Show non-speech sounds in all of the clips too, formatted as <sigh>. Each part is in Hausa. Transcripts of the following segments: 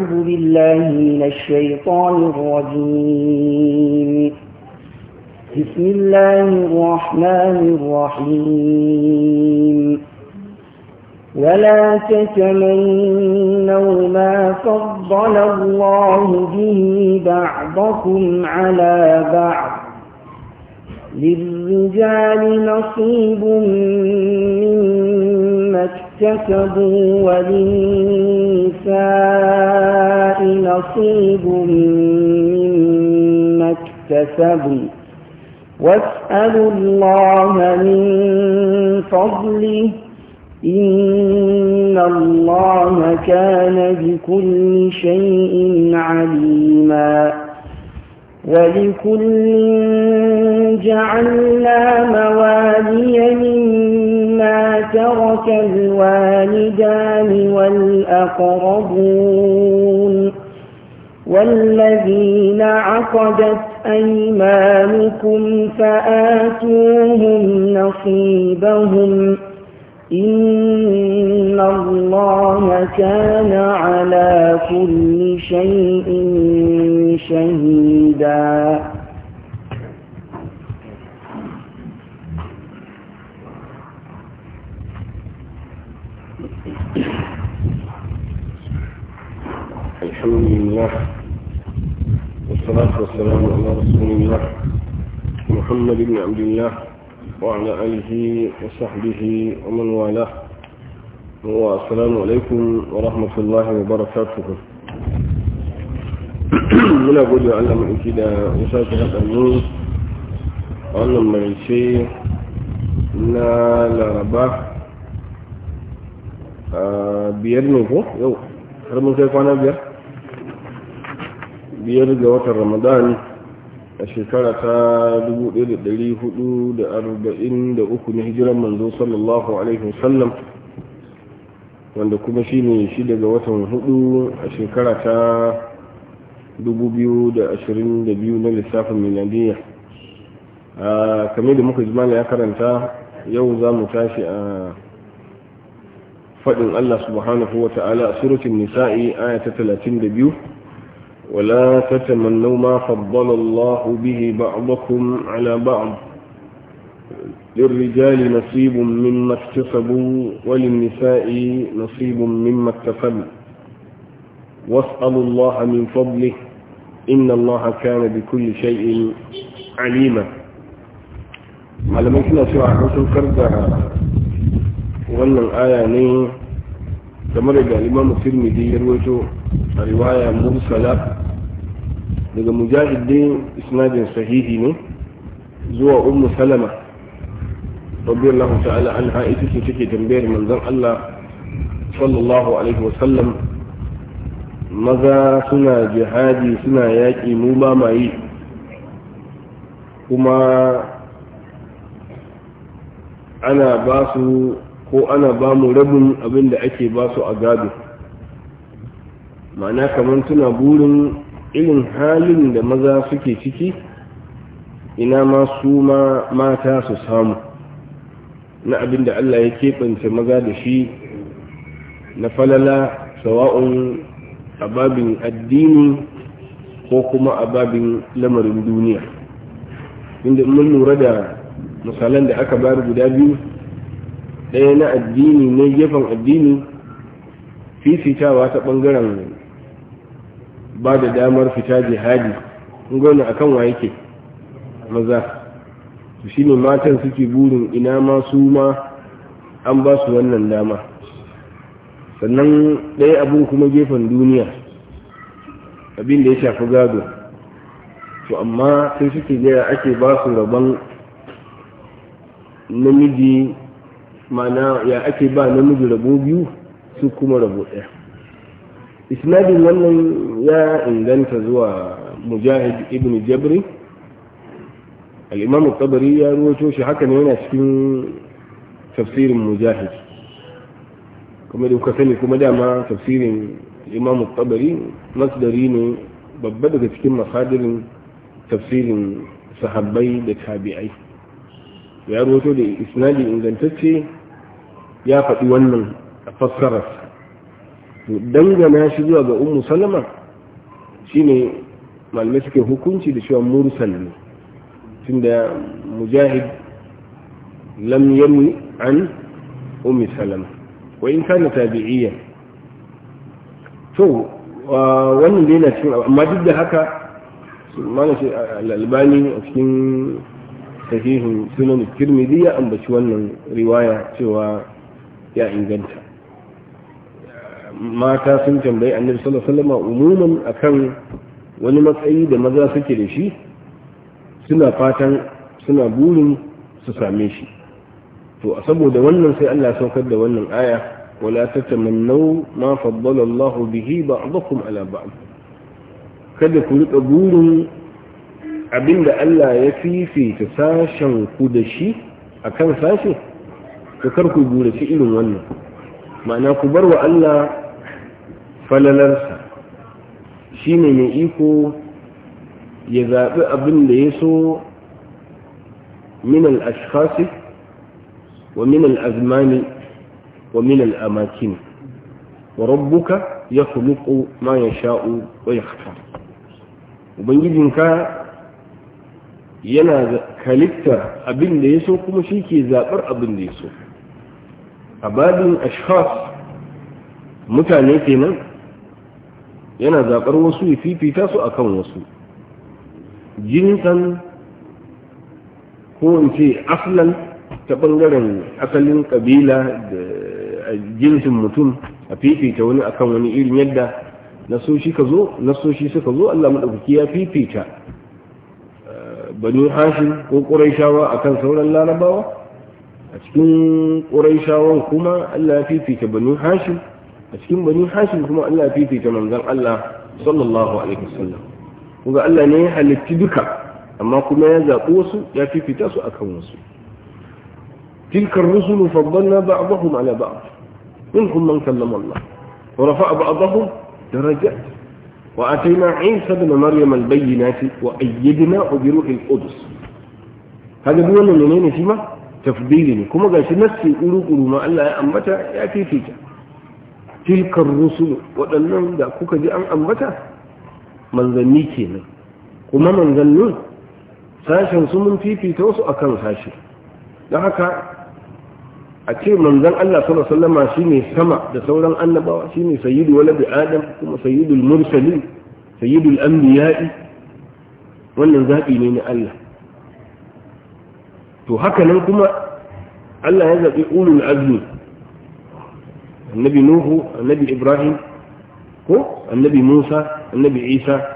أعوذ بالله من الشيطان الرجيم بسم الله الرحمن الرحيم ولا تتمنوا ما فضل الله به بعضكم على بعض للرجال نصيب مما كسبوا وللنساء نصيب مما اكتسبوا واسألوا الله من فضله إن الله كان بكل شيء عليما ولكل جعلنا موالي ترك الوالدان والأقربون والذين عقدت أيمانكم فآتوهم نصيبهم إن الله كان على كل شيء شهيداً الحمد لله والصلاة والسلام على رسول الله محمد بن عبد الله وعلى آله وصحبه ومن والاه والسلام عليكم ورحمة الله وبركاته <clears throat> من أقول على من كده وساك هذا النور وأنا من لا لا رباه بيرني يو har mun kai kwana biyar ga watan ramadan a shekara ta 1443 na hijiran manzo sallallahu alaihi wasallam wanda kuma shi ne shi daga watan hudu a shekara ta 2022 na lissafin miladiyya kame da muka jimala ya karanta yau za mu tashi a faɗin allah subhanahu wa ta'ala a surutun nisa'i aya ta 32 ولا تتمنوا ما فضل الله به بعضكم على بعض للرجال نصيب مما اكتسبوا وللنساء نصيب مما اكتسبوا واسألوا الله من فضله إن الله كان بكل شيء عليما على ما كنا سوى حسن كرد وأن الآية ne تمرد الإمام الترمذي firmidi رواية مرسلة daga mujahid dai isnadin sahihi ne zuwa ummu salama radiyallahu ta'ala anha ita ce take tambayar manzon Allah sallallahu alaihi wa sallam maza suna jihadi suna yaki mu ba ma kuma ana ba su ko ana ba mu rabin abin da ake ba su a gado ma'ana kamar suna burin irin halin da maza suke ciki ina ma su ma mata su samu na abin da Allah ya keɓance maza da shi na falala sawa'un ababin addini ko kuma ababin lamarin duniya inda mun lura da misalan da aka bayar guda biyu ɗaya na addini na gefen addini fifitawa ta ɓangaren ba da damar fita jihadi gwamna a kan wa yake maza su shi ne matan suke burin ina ma su ma an ba su wannan dama sannan ɗaya abin kuma gefen duniya abin da ya shafi gado to amma sai suke gaya ake ba su rabon namiji mana ya ake ba namiji rabo biyu su kuma rabo ɗaya isnadin wannan ya inganta zuwa mujahid ibn jabri al-imam ya ruwato shi haka ne yana cikin tafsirin mujahid kuma da kuka sani kuma dama tafsirin imam tabari masdari ne babba daga cikin masadirin tafsirin sahabbai da tabi'ai ya ruwato da isnadi ingantacce ya faɗi wannan a fassararsa to dangana shi zuwa ga umu salama shine malamai suke hukunci da cewa mursal ne tunda mujahid lam yanwi an umu salama wa in kana tabi'iyya to wannan dai na cikin amma duk da haka mana shi al-albani a cikin sahihin sunan tirmidhi ya ambaci wannan riwaya cewa ya inganta mata sun tambayi annabi sallallahu alaihi wasallam umuman akan wani matsayi da maza suke da shi suna fatan suna burin su same shi to saboda wannan sai Allah saukar da wannan aya wala tatamannu ma faddala Allah bihi ba'dakum ala ba'd kada ku rika burin abinda Allah ya fifita sashen ku da shi akan sashe ka kar ku burace irin wannan ma'ana ku bar wa Allah falalarsa shi ne mai iko ya zaɓi abin da ya so minal al'ashkasi wa minal al'azmani wa minal al'amakin wa rabbuka ya kuluku ma ya sha'u wa ya ubangijinka yana halittar abin da ya so kuma shi ke zaɓar abin da ya so a babin ashkhas mutane kenan yana zaɓar wasu ya fifita su akan wasu jinsan ko in ce aslan ta ɓangaren asalin ƙabila da jinsin mutum a fifita wani akan wani irin yadda nasoshi suka zo Allah maɗaukaki ya fifita eh, banu hashin ko ƙuraishawa akan sauran larabawa a cikin ƙuraishawan kuma Allah ya fifita banu hashin cikin bani hashim kuma Allah ya fifita manzon Allah sallallahu alaihi wasallam kuma Allah ne ya halitti duka amma kuma ya zaɓi wasu ya fifita su akan wasu tilkar rusulu faddalna ba'dahum ala ba'd minhum man kallama Allah wa rafa'a ba'dahum darajat wa atayna Isa ibn Maryam al-bayyinati wa ayyadnahu bi ruhil qudus hada duk menene shi ma tafdili ne kuma gashi nassi kuru kuru ma Allah ya ambata ya fifita tilkar rusulu waɗannan da kuka ji an ambata manzanni kenan kuma manzannin sashen su mun fifita wasu akan sashe don haka a ce manzan Allah sallallahu Sallama shi ne sama da sauran annabawa sayidu sayyidu walad adam kuma sayyidul mursalin sayyidul anbiya'i wannan zaɓi ne na Allah to haka nan kuma Allah ya zabi ulul azmi annabi nuhu annabi ibrahim ko annabi musa annabi isa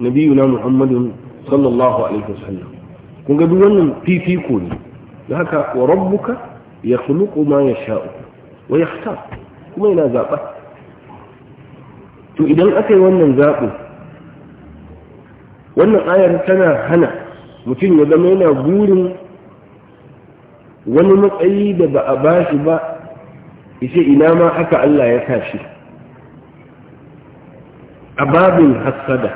nabiyuna muhammadun sallallahu alaihi wasallam kun ga duk wannan fifiko ne da haka wa rabbuka ya khuluqu ma yasha'u wa yakhtar kuma yana zaba to idan aka yi wannan zaɓi wannan ayar tana hana mutum ya zama yana burin wani matsayi da ba a bashi ba yace ina ma aka Allah ya tashi a babin hassada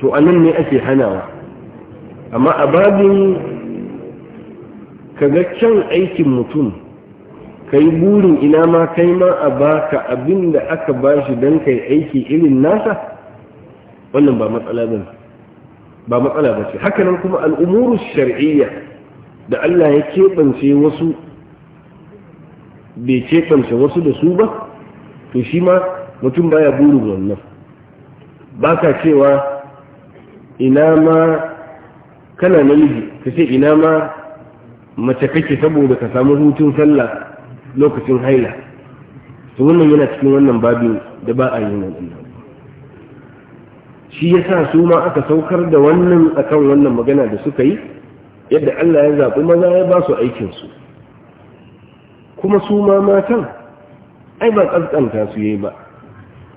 to anan ne ake hanawa amma a babin kaga can aikin mutum yi burin ina ma kai ma a baka abin da aka bashi don kai aiki irin nasa wannan ba matsala ba ba matsala ba ce hakanan kuma al'umuru shar'iyya da Allah ya keɓance wasu bai keɓance wasu da su ba to shi ma mutum baya burin wannan ba ka cewa ina ma kana namiji ka ce ina ma mace kake saboda ka samu hutun sallah lokacin haila to wannan yana cikin wannan babi da ba a yi wannan shi ya sa su ma aka saukar da wannan akan wannan magana da suka yi yadda Allah ya zaɓi maza ya ba su aikinsu kuma su ma matan ai ba kaskanta su yayi ba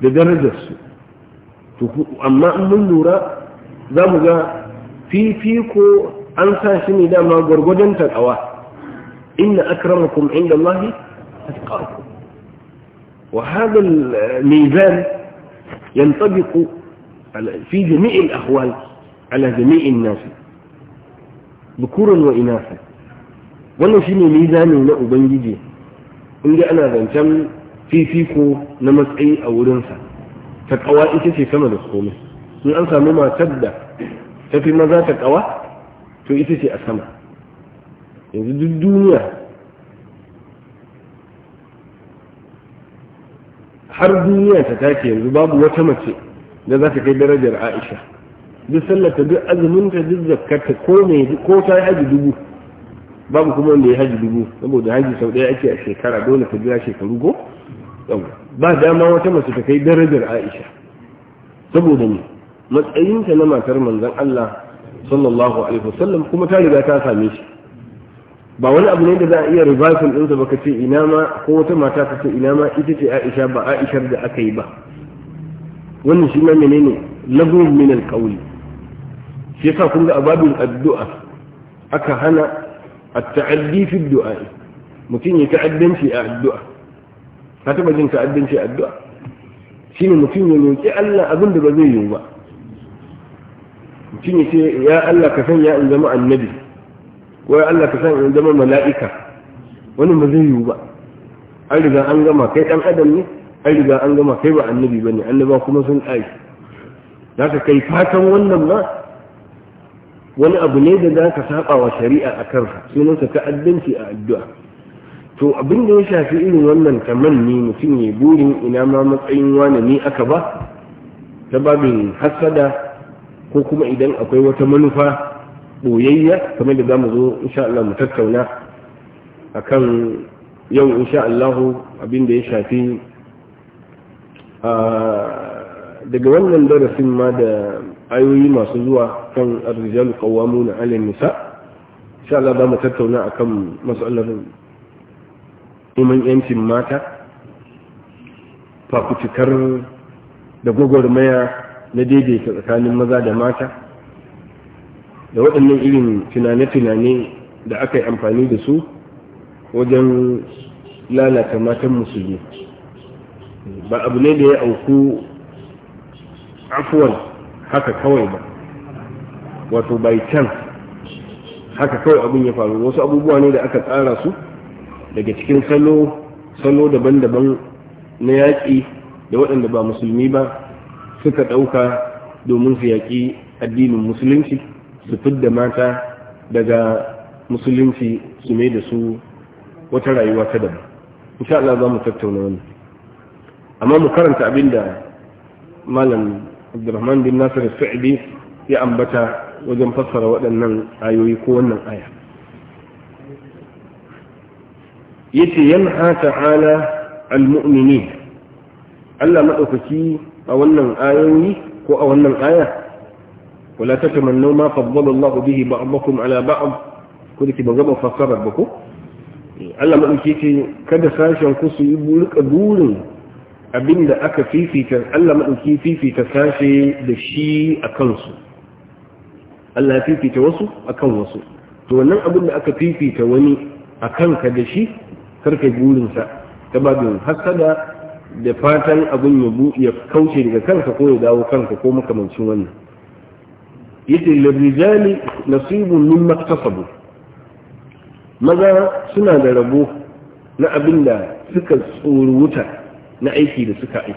da darajarsu to amma in mun lura za mu ga fifiko an sa shi ne dama gwargwadon taƙawa inna akramakum inda Allahi atqakum wa hada al-mizan yantabiqu fi jami'i al-ahwal ala jami'i an-nas bukuran wa inasa wannan shine mizanin na ubangiji in dai ana zancen fifiko na matsayi a wurinsa ta kawa ita ce sama da komai in an samu matar da ta fi maza ta kawa to ita ce a sama yanzu duk duniya har duniya ta take yanzu babu wata mace da za ta kai darajar aisha duk sallata duk azumin ta duk zakkarta ko mai ko ta yi aji dubu babu kuma wanda ya haji dubu saboda haji sau ɗaya ake a shekara dole ta biya shekaru go ba dama wata mace ta kai darajar aisha saboda ne matsayinta na matar manzon Allah sallallahu alaihi wasallam kuma ta riga ta same shi ba wani abu ne da za a iya reversing ɗinsa ba ka ce ina ma ko wata mata ta ce ina ma ita ce aisha ba aishar da aka yi ba wannan shi ma menene lagun min alqawli shi yasa kun ga ababin addu'a aka hana التعدي في الدعاء متين يتعدن في الدعاء فتبا جن تعدن في الدعاء شين متين يقول يا الله أظن بذي يوبا متين يا الله كفن يا انزم النبي ويا الله كفن انزم الملائكة ونم بذي يوبا أرجع أنجما كيف أن أدم ني أرجع أنجما كيف النبي بني أنبا كما آي لكن كيف هاتم ونم ما wani abu ne da za ka saba wa shari'a a kansa ka ta'addanci a addu'a to abin da ya shafi irin wannan ni mutum ya burin ina ma matsayin wani ni aka ba ta babin hasada ko kuma idan akwai wata manufa boyayya kamar da za mu zo insha Allah mu tattauna akan yau insha Allah abin da ya shafi ah, daga wannan darasin ma da ayoyi masu zuwa kan arzijalu na 'ala nisa sha Allah ba mu tattauna a kan matsalar neman yancin mata fafutukar da gwagwarmaya na daidaita tsakanin maza da mata da waɗannan irin tunane-tunane da aka yi amfani da su wajen lalata matan musulmi ba abu ne da ya auku afuwan haka kawai ba wato bai can haka kawai abin ya faru wasu abubuwa ne da aka tsara su daga cikin salo salo daban-daban na yaƙi da waɗanda ba musulmi ba suka ɗauka domin su yaƙi addinin musulunci su fidda mata daga musulunci su mai da su wata rayuwa ta daban insha Allah za mu tattauna wani amma mu karanta abin da malam abdurrahman bin nasir sa'idi ya ambata wajen fassara waɗannan ayoyi ko wannan aya yace yanha ta'ala almu'minin Allah madaukaki a wannan ayoyi ko a wannan aya ولا تتمنوا ما فضل الله به بعضكم على بعض كنت بغبا فسرت بكم Allah maɗauki ce kada sashen ku su yi rika burin abinda aka fifita Allah maɗauki fifita sashe da shi a kansu Allah fifita wasu a kan wasu to wannan abin da aka fifita wani a kanka da shi karka burinsa ta babin hasada da fatan abin ya kauce daga kanka ko ya dawo kanka ko makamancin wannan yace lirijali nasibun min maktasabu maza suna da rabo na abin da suka tsoro wuta na aiki da suka yi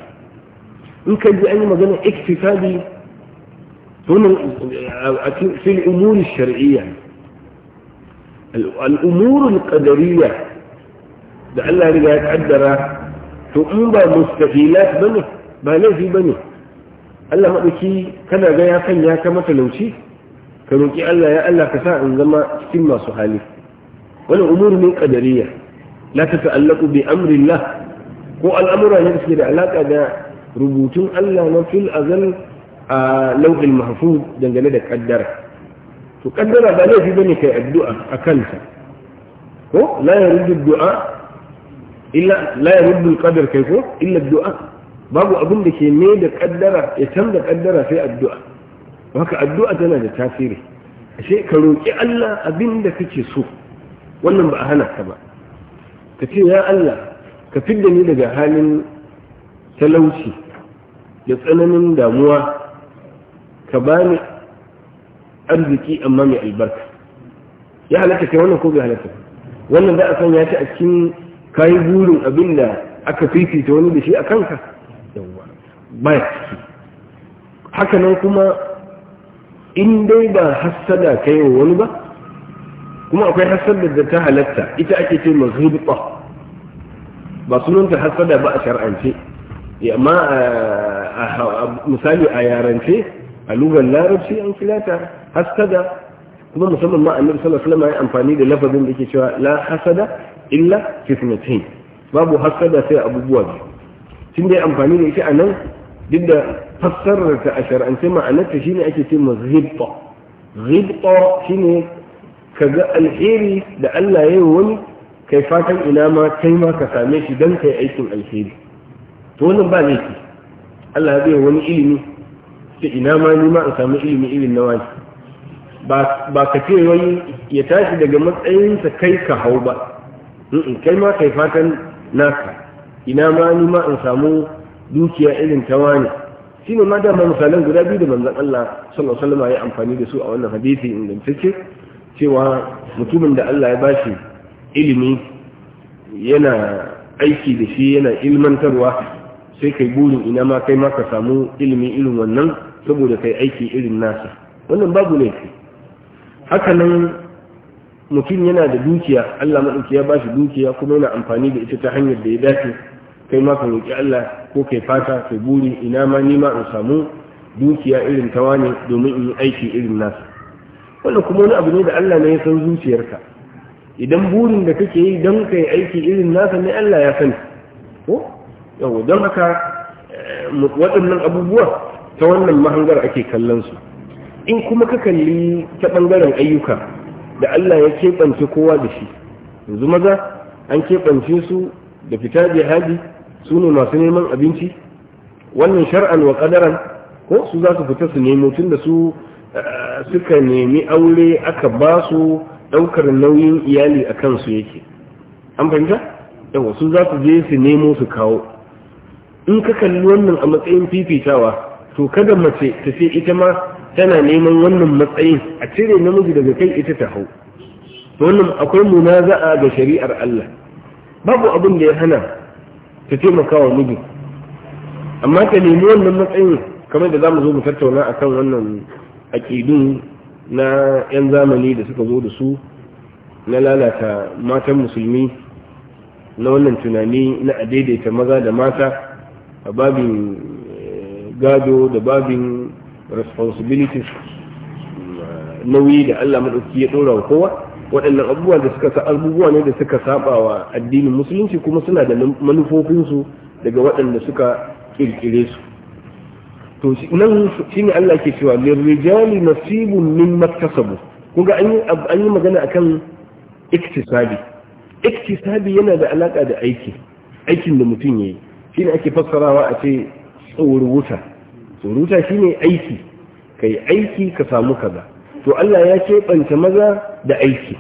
in ka ji an yi magana iktifadi a cikin umuri shar'iyya al'umurul qadariyya da Allah riga ya kaddara to in ba mustaqilat bane ba laifi bane Allah madauki kana ga ya kan ya ka lauci ka roki Allah ya Allah ka sa in zama cikin masu hali wannan umur ne qadariyya la ta'allaqu bi amri Allah ko al'amura ne da suke da alaka da rubutun Allah na fil azal a lauhin mahfuz dangane da kaddara to kaddara ba laifi bane kai addu'a a kanta ko la yaruddu du'a illa la yaruddu qadar kai ko illa du'a babu abin da ke mai da kaddara ya canza kaddara sai addu'a haka addu'a tana da tasiri ashe ka roki Allah abin da kake so wannan ba a hana ka ba ka ce ya Allah ka fidda ni daga halin talauci da tsananin damuwa ka bani arziki amma mai albarka ya halatta kai wannan ko bai halatta wannan za a sanya shi a cikin kayi burin abin da aka fifita wani da shi a kanka baya ciki nan kuma in dai ba hassada kai wa wani ba kuma akwai hassadar da ta halatta ita ake ce mazhubta ba sunanta hasada ba a shar'ance amma misali a yarance a lugar larabci an filata hasada kuma musamman ma annabi sallallahu alaihi wasallam ya amfani da lafazin da yake cewa la hasada illa fitnatain babu hasada sai abubuwa biyu tun da ya amfani da ita a nan duk da fassarar ta a shar'ance ma'anarta shine ake ce ma zibta zibta shine kaga alheri da Allah ya yi wani kai fatan ina ma kai ma ka same shi don kai aikin alheri to wannan ba laifi Allah ya bai wani ilimi sai ina ma ni ma in samu ilimi irin na wani ba ka ce wani ya tashi daga matsayinsa kai ka hau ba in kai ma kai fatan naka ina ma ni ma in samu dukiya irin ta wani shi ne ma dama misalan guda biyu da manzan Allah sallallahu alaihi wasallam ya amfani da su a wannan hadisi ingantacce cewa mutumin da Allah ya bashi ilimi yana aiki da shi yana ilmantarwa sai kai burin ina ma kai ma samu ilimi irin wannan saboda kai aiki irin nasa wannan babu laifi haka nan mutum yana da dukiya Allah maɗauki ya bashi dukiya kuma yana amfani da ita ta hanyar da ya dace kai ma ka roƙi Allah ko kai fata kai buri ina ma ni ma in samu dukiya irin tawa ne domin in yi aiki irin nasa wannan kuma wani abu ne da Allah ne ya san zuciyarka idan burin da kake yi don kai aiki irin nasa ne Allah ya sani ko yau don haka eh, waɗannan abubuwa ta wannan mahangar ake kallon su in kuma ka kalli ta ɓangaren ayyuka da Allah ya keɓance kowa da shi yanzu maza an keɓance su da fita jihadi su ne masu neman abinci wannan shar'an wa ƙadaran ko su za su fita su nemo tun da su eh, suka nemi aure aka ba su Daukar nauyin iyali a kansu yake an fahimta yawa su za su je su nemo su kawo in ka kalli wannan a matsayin fifitawa to kada mace ta ce ita ma tana neman wannan matsayin a cire namiji daga kai ita ta hau wannan akwai munaza'a ga shari'ar Allah babu abin da ya hana ta taimaka wa miji amma ta nemi wannan matsayin kamar da za mu zo mu tattauna akan wannan aƙidun na 'yan zamani da suka zo da su na lalata matan musulmi na wannan tunani na a daidaita maza da mata a babin eh, gado da babin responsibilities mm, nauyi da Allah maɗauki ya ɗora wa kowa waɗannan abubuwa da suka sa abubuwa ne da suka saba wa addinin musulunci kuma suna da manufofinsu daga waɗanda suka ƙirƙire su to nan shi ne Allah ke cewa rijali nasibun min maktasabu kun ga an yi magana akan iktisabi iktisabi yana da alaka da aiki aikin da mutum yayi ne ake fassarawa a ce tsoruta shi ne aiki kai aiki ka samu kaza to Allah ya keɓanta maza da aiki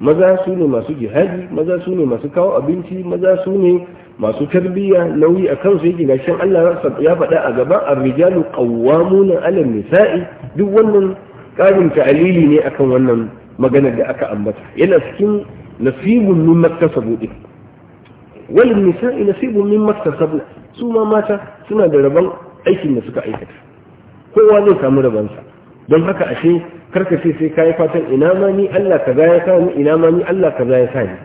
maza su ne masu jihadi maza su ne masu kawo abinci maza su ne masu tarbiyya nauyi a kansu yake gashin Allah ya faɗa a gaba ar-rijalu qawwamuna nisa'i duk wannan ƙarin ta'alili ne akan wannan maganar da aka ambata yana cikin nasibun min maktasabu din wal nisa'i nasibun min maktasabu su ma mata suna da rabon aikin da suka aikata kowa zai samu rabansa don haka ashe karka ce sai kayi fatan ina ma ni Allah kaza ya sa ni ina ma ni Allah kaza ya sa ni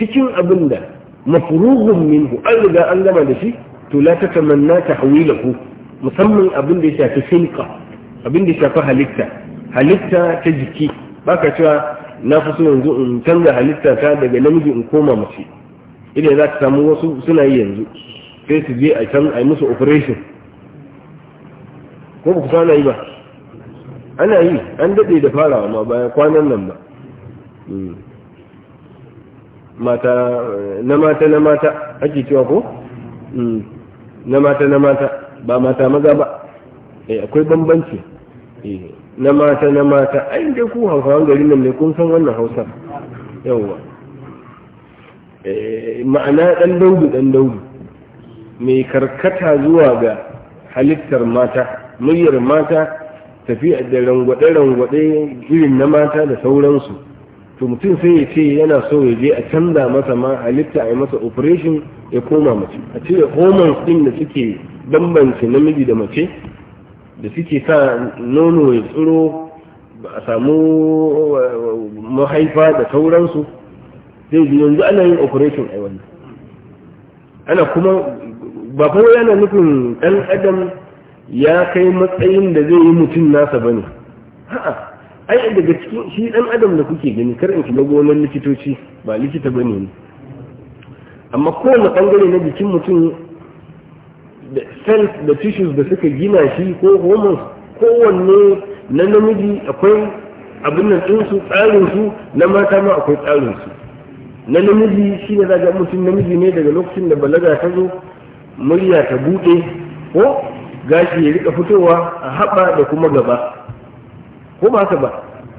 cikin abin da mafrughun minhu an riga an gama da shi to la tatamanna tahwilahu musamman abin da ya shafi filka abin da ya shafi halitta halitta ta jiki baka cewa na fi so yanzu in canza halitta ta daga namiji in koma mace idan za ta samu wasu suna yi yanzu sai su je a yi musu operation ko ba ku sana yi ba ana yi an daɗe da farawa ma baya kwanan nan ba mata na mata na mata ake cewa ko hmm. na mata na mata ba mata maza ba eh akwai bambanci eh na mata na mata ai dai ku hausawan garin nan ne kun san wannan hausa yawwa eh, ma'ana dan daudu dan daudu mai karkata zuwa ga halittar mata muryar mata tafiya da rangwade-rangwade irin na mata da sauransu to mutum sai ya ce yana so ya je a canza masa ma a yi masa operation ya koma mace a cire hormones din da suke bambance namiji da mace da suke sa nono ya tsiro a samu eh, mahaifa da sauransu zai ji yanzu ana yin operation a wani. ana kuma ba kawai yana nufin ɗan adam ya kai matsayin da zai yi mutum nasa bane Ha'a. ai daga cikin shi dan adam da kuke gani kar in shiga gonan likitoci ba likita ba ne amma kowane bangare na jikin mutum da cells da tissues da suka gina shi ko hormones kowanne na namiji akwai abin nan ɗinsu su na mata ma akwai tsarin su na namiji shi ne zaga mutum namiji ne daga lokacin da balaga ta zo murya ta buɗe ko gashi ya rika fitowa a haɓa da kuma gaba ko ba haka ba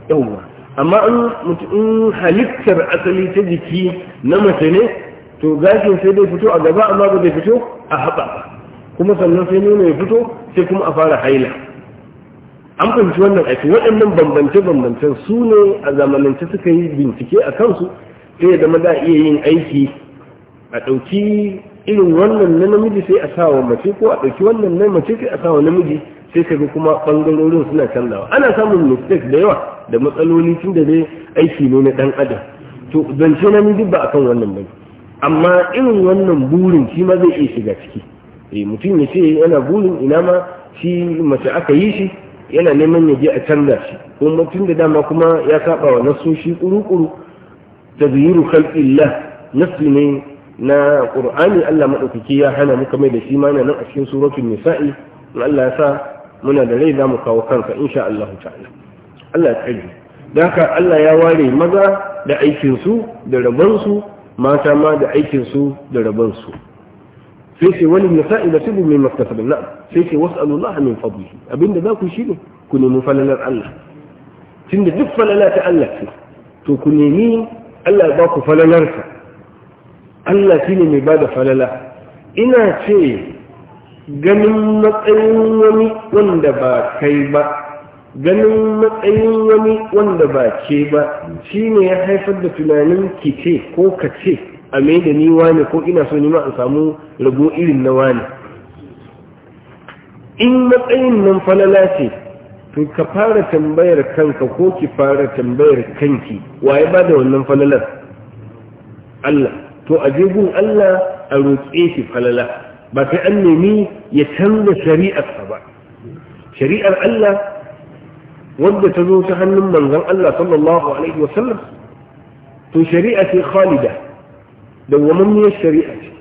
yawwa amma in halittar asali ta jiki na mace ne to gashin sai dai fito a gaba amma ba zai fito a haɓa kuma sannan sai nuna ya fito sai kuma a fara haila an fahimci wannan aiki waɗannan bambance-bambancen su ne a zamanance suka yi bincike a kansu sai ya zama za a iya yin aiki a ɗauki irin wannan na namiji sai a sawa mace ko a ɗauki wannan na mace sai a sawa namiji sai ka ga kuma bangarorin suna canzawa ana samun mistakes da yawa da matsaloli tun da dai aiki ne na dan adam to zance na duk ba akan wannan bane amma irin wannan burin shi ma zai iya shiga ciki eh mutum ya ce yana burin ina ma shi mace aka yi shi yana neman ya je a canza shi ko mutum da dama kuma ya saba wa nasoshi kuru-kuru tazyiru khalqillah nasu ne na qur'ani Allah madaukaki ya hana muka mai da shi ma nan a cikin suratul nisa'i Allah ya sa muna da rai za mu kawo kanka insha Allah ta'ala Allah ya tsare don haka Allah ya ware maza da aikinsu da rabonsu, mata ma da aikinsu da rabonsu. sai ce wani nisa'i da tubu mai maktasar na'am. sai ce wasu Allah min fadli abinda za ku shi ne ku nemi falalar Allah tunda duk falala ta Allah ce to ku nemi Allah ba ku falalarsa Allah shi ne mai ba da falala ina ce ganin matsayin wani wanda ba kai ba ganin matsayin wani wanda ba ce ba shi ne ya haifar da tunanin ki ce ko ka ce a mai da ni wani ko ina so nima a samu rabo irin na wani in matsayin nan falala ce to ka fara tambayar kanka ko ki fara tambayar kanki waye ba da wannan falalar Allah to a gun Allah a roƙe shi falala ba sai an nemi ya canza shari'arsa ba shari'ar Allah wadda ta zo ta hannun manzan Allah sallallahu alaihi wa sallam to shari'a ce khalida dawwamammiyar shari'a ce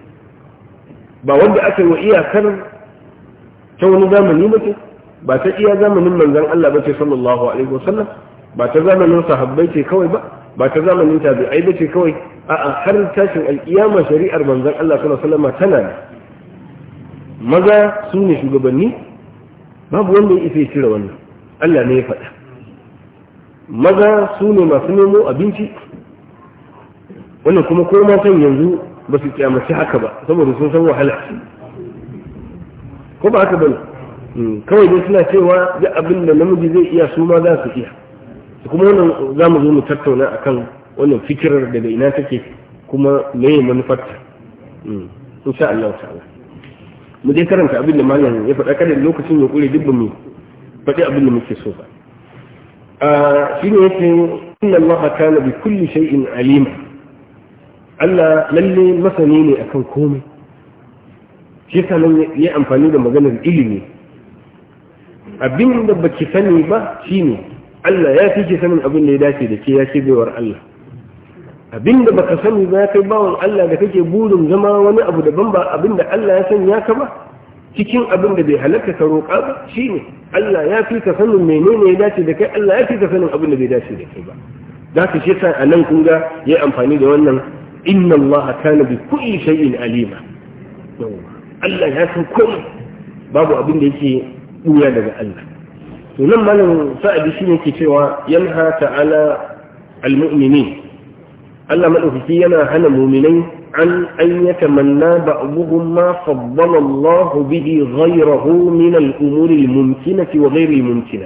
ba wanda aka yi wa iyakar ta wani zamani ba ce ba ta iya zamanin manzan Allah ba ce sallallahu alaihi wa sallam ba ta zamanin sahabbai ce kawai ba ba ta zamanin tabi'ai ba ce kawai a'a har tashin alkiyama shari'ar manzan Allah sallallahu alaihi wa sallam tana maza su ne shugabanni babu wanda ya isa ya cire wannan Allah ne ya faɗa maza su ne masu nemo abinci wannan kuma ko matan yanzu ba su kyamaci haka ba saboda sun san wahala ko ba haka bane hmm, kawai dai suna cewa duk abin da namiji zai iya su ma za su iya kuma wannan za mu zo mu tattauna akan wannan fikirar daga ina take kuma me manufarta hmm, insha Allah ta'ala mu dai karanta abin da malam ya faɗa kada lokacin ya kure dubban mu faɗi abin da muke so ba a shi ne yake inna Allah kana bi kulli shay'in alima Allah lalle masani ne akan komai shi yasa nan ya amfani da maganar ilimi abin da baki sani ba shine Allah ya fi ki sanin abin da ya dace da ke ya ce baiwar Allah abinda baka sani ba ya kai bawan Allah da kake burin zama wani abu daban ba abinda Allah ya sanya ka ba cikin abin da bai halarta ka roƙa ba shine Allah ya fi ka sanin menene ya dace da kai Allah ya fi ka sanin abin da bai dace da kai ba zaka shi yasa anan kun ga yayi amfani da wannan inna Allah kana bi kulli shay'in alima Allah ya san komai babu abin da yake buya daga Allah to nan malam sa'adi shine ke cewa yanha ta'ala al-mu'minin Allah madaukaki yana hana muminai an an yatamanna ba'dhum ma faddala Allah bihi ghayrahu min al-umur al-mumkinati wa ghayri mumkina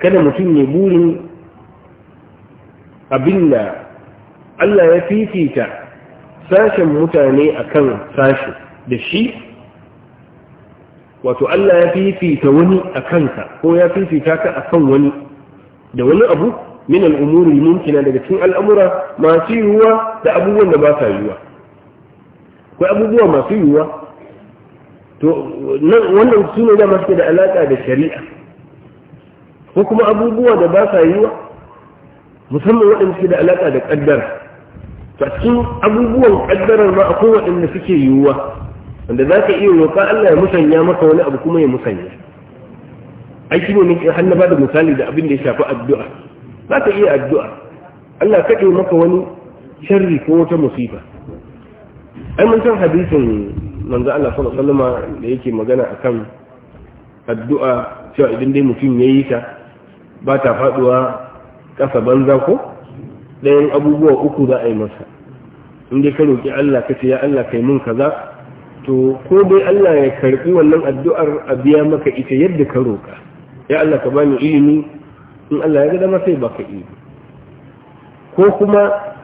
kada mutum ya burin da, Allah ya fifita sashen mutane akan sashi da shi wato Allah ya fifita wani akan ka ko ya fifita ka akan wani da wani abu min al'umuri mumkina daga cikin al'amura masu yiwuwa da abubuwan da ba sa yiwuwa akwai abubuwa masu yiwuwa to wannan su ne da suke da alaƙa da shari'a ko kuma abubuwa da ba yiwuwa musamman waɗanda suke da alaƙa da ƙaddara to a cikin abubuwan ƙaddarar ma akwai waɗanda suke yiwuwa wanda za ka iya roƙa Allah ya musanya maka wani abu kuma ya musanya ai shi ne nake hannu ba da misali da abin da ya shafi addu'a za ka iya addu'a Allah kaɗe maka wani sharri ko wata musifa ai mun san hadisin manzo Allah sallallahu alaihi wasallam da yake magana akan addu'a cewa idan dai mutum yayi ta ba ta faduwa kasa banza ko ɗayan abubuwa uku za a yi masa in dai ka roki Allah ka ce ya Allah kai mun kaza to ko dai Allah ya karbi wannan addu'ar a biya maka ita yadda ka roka ya Allah ka bani ilimi in Allah ya ga dama sai baka yi ko kuma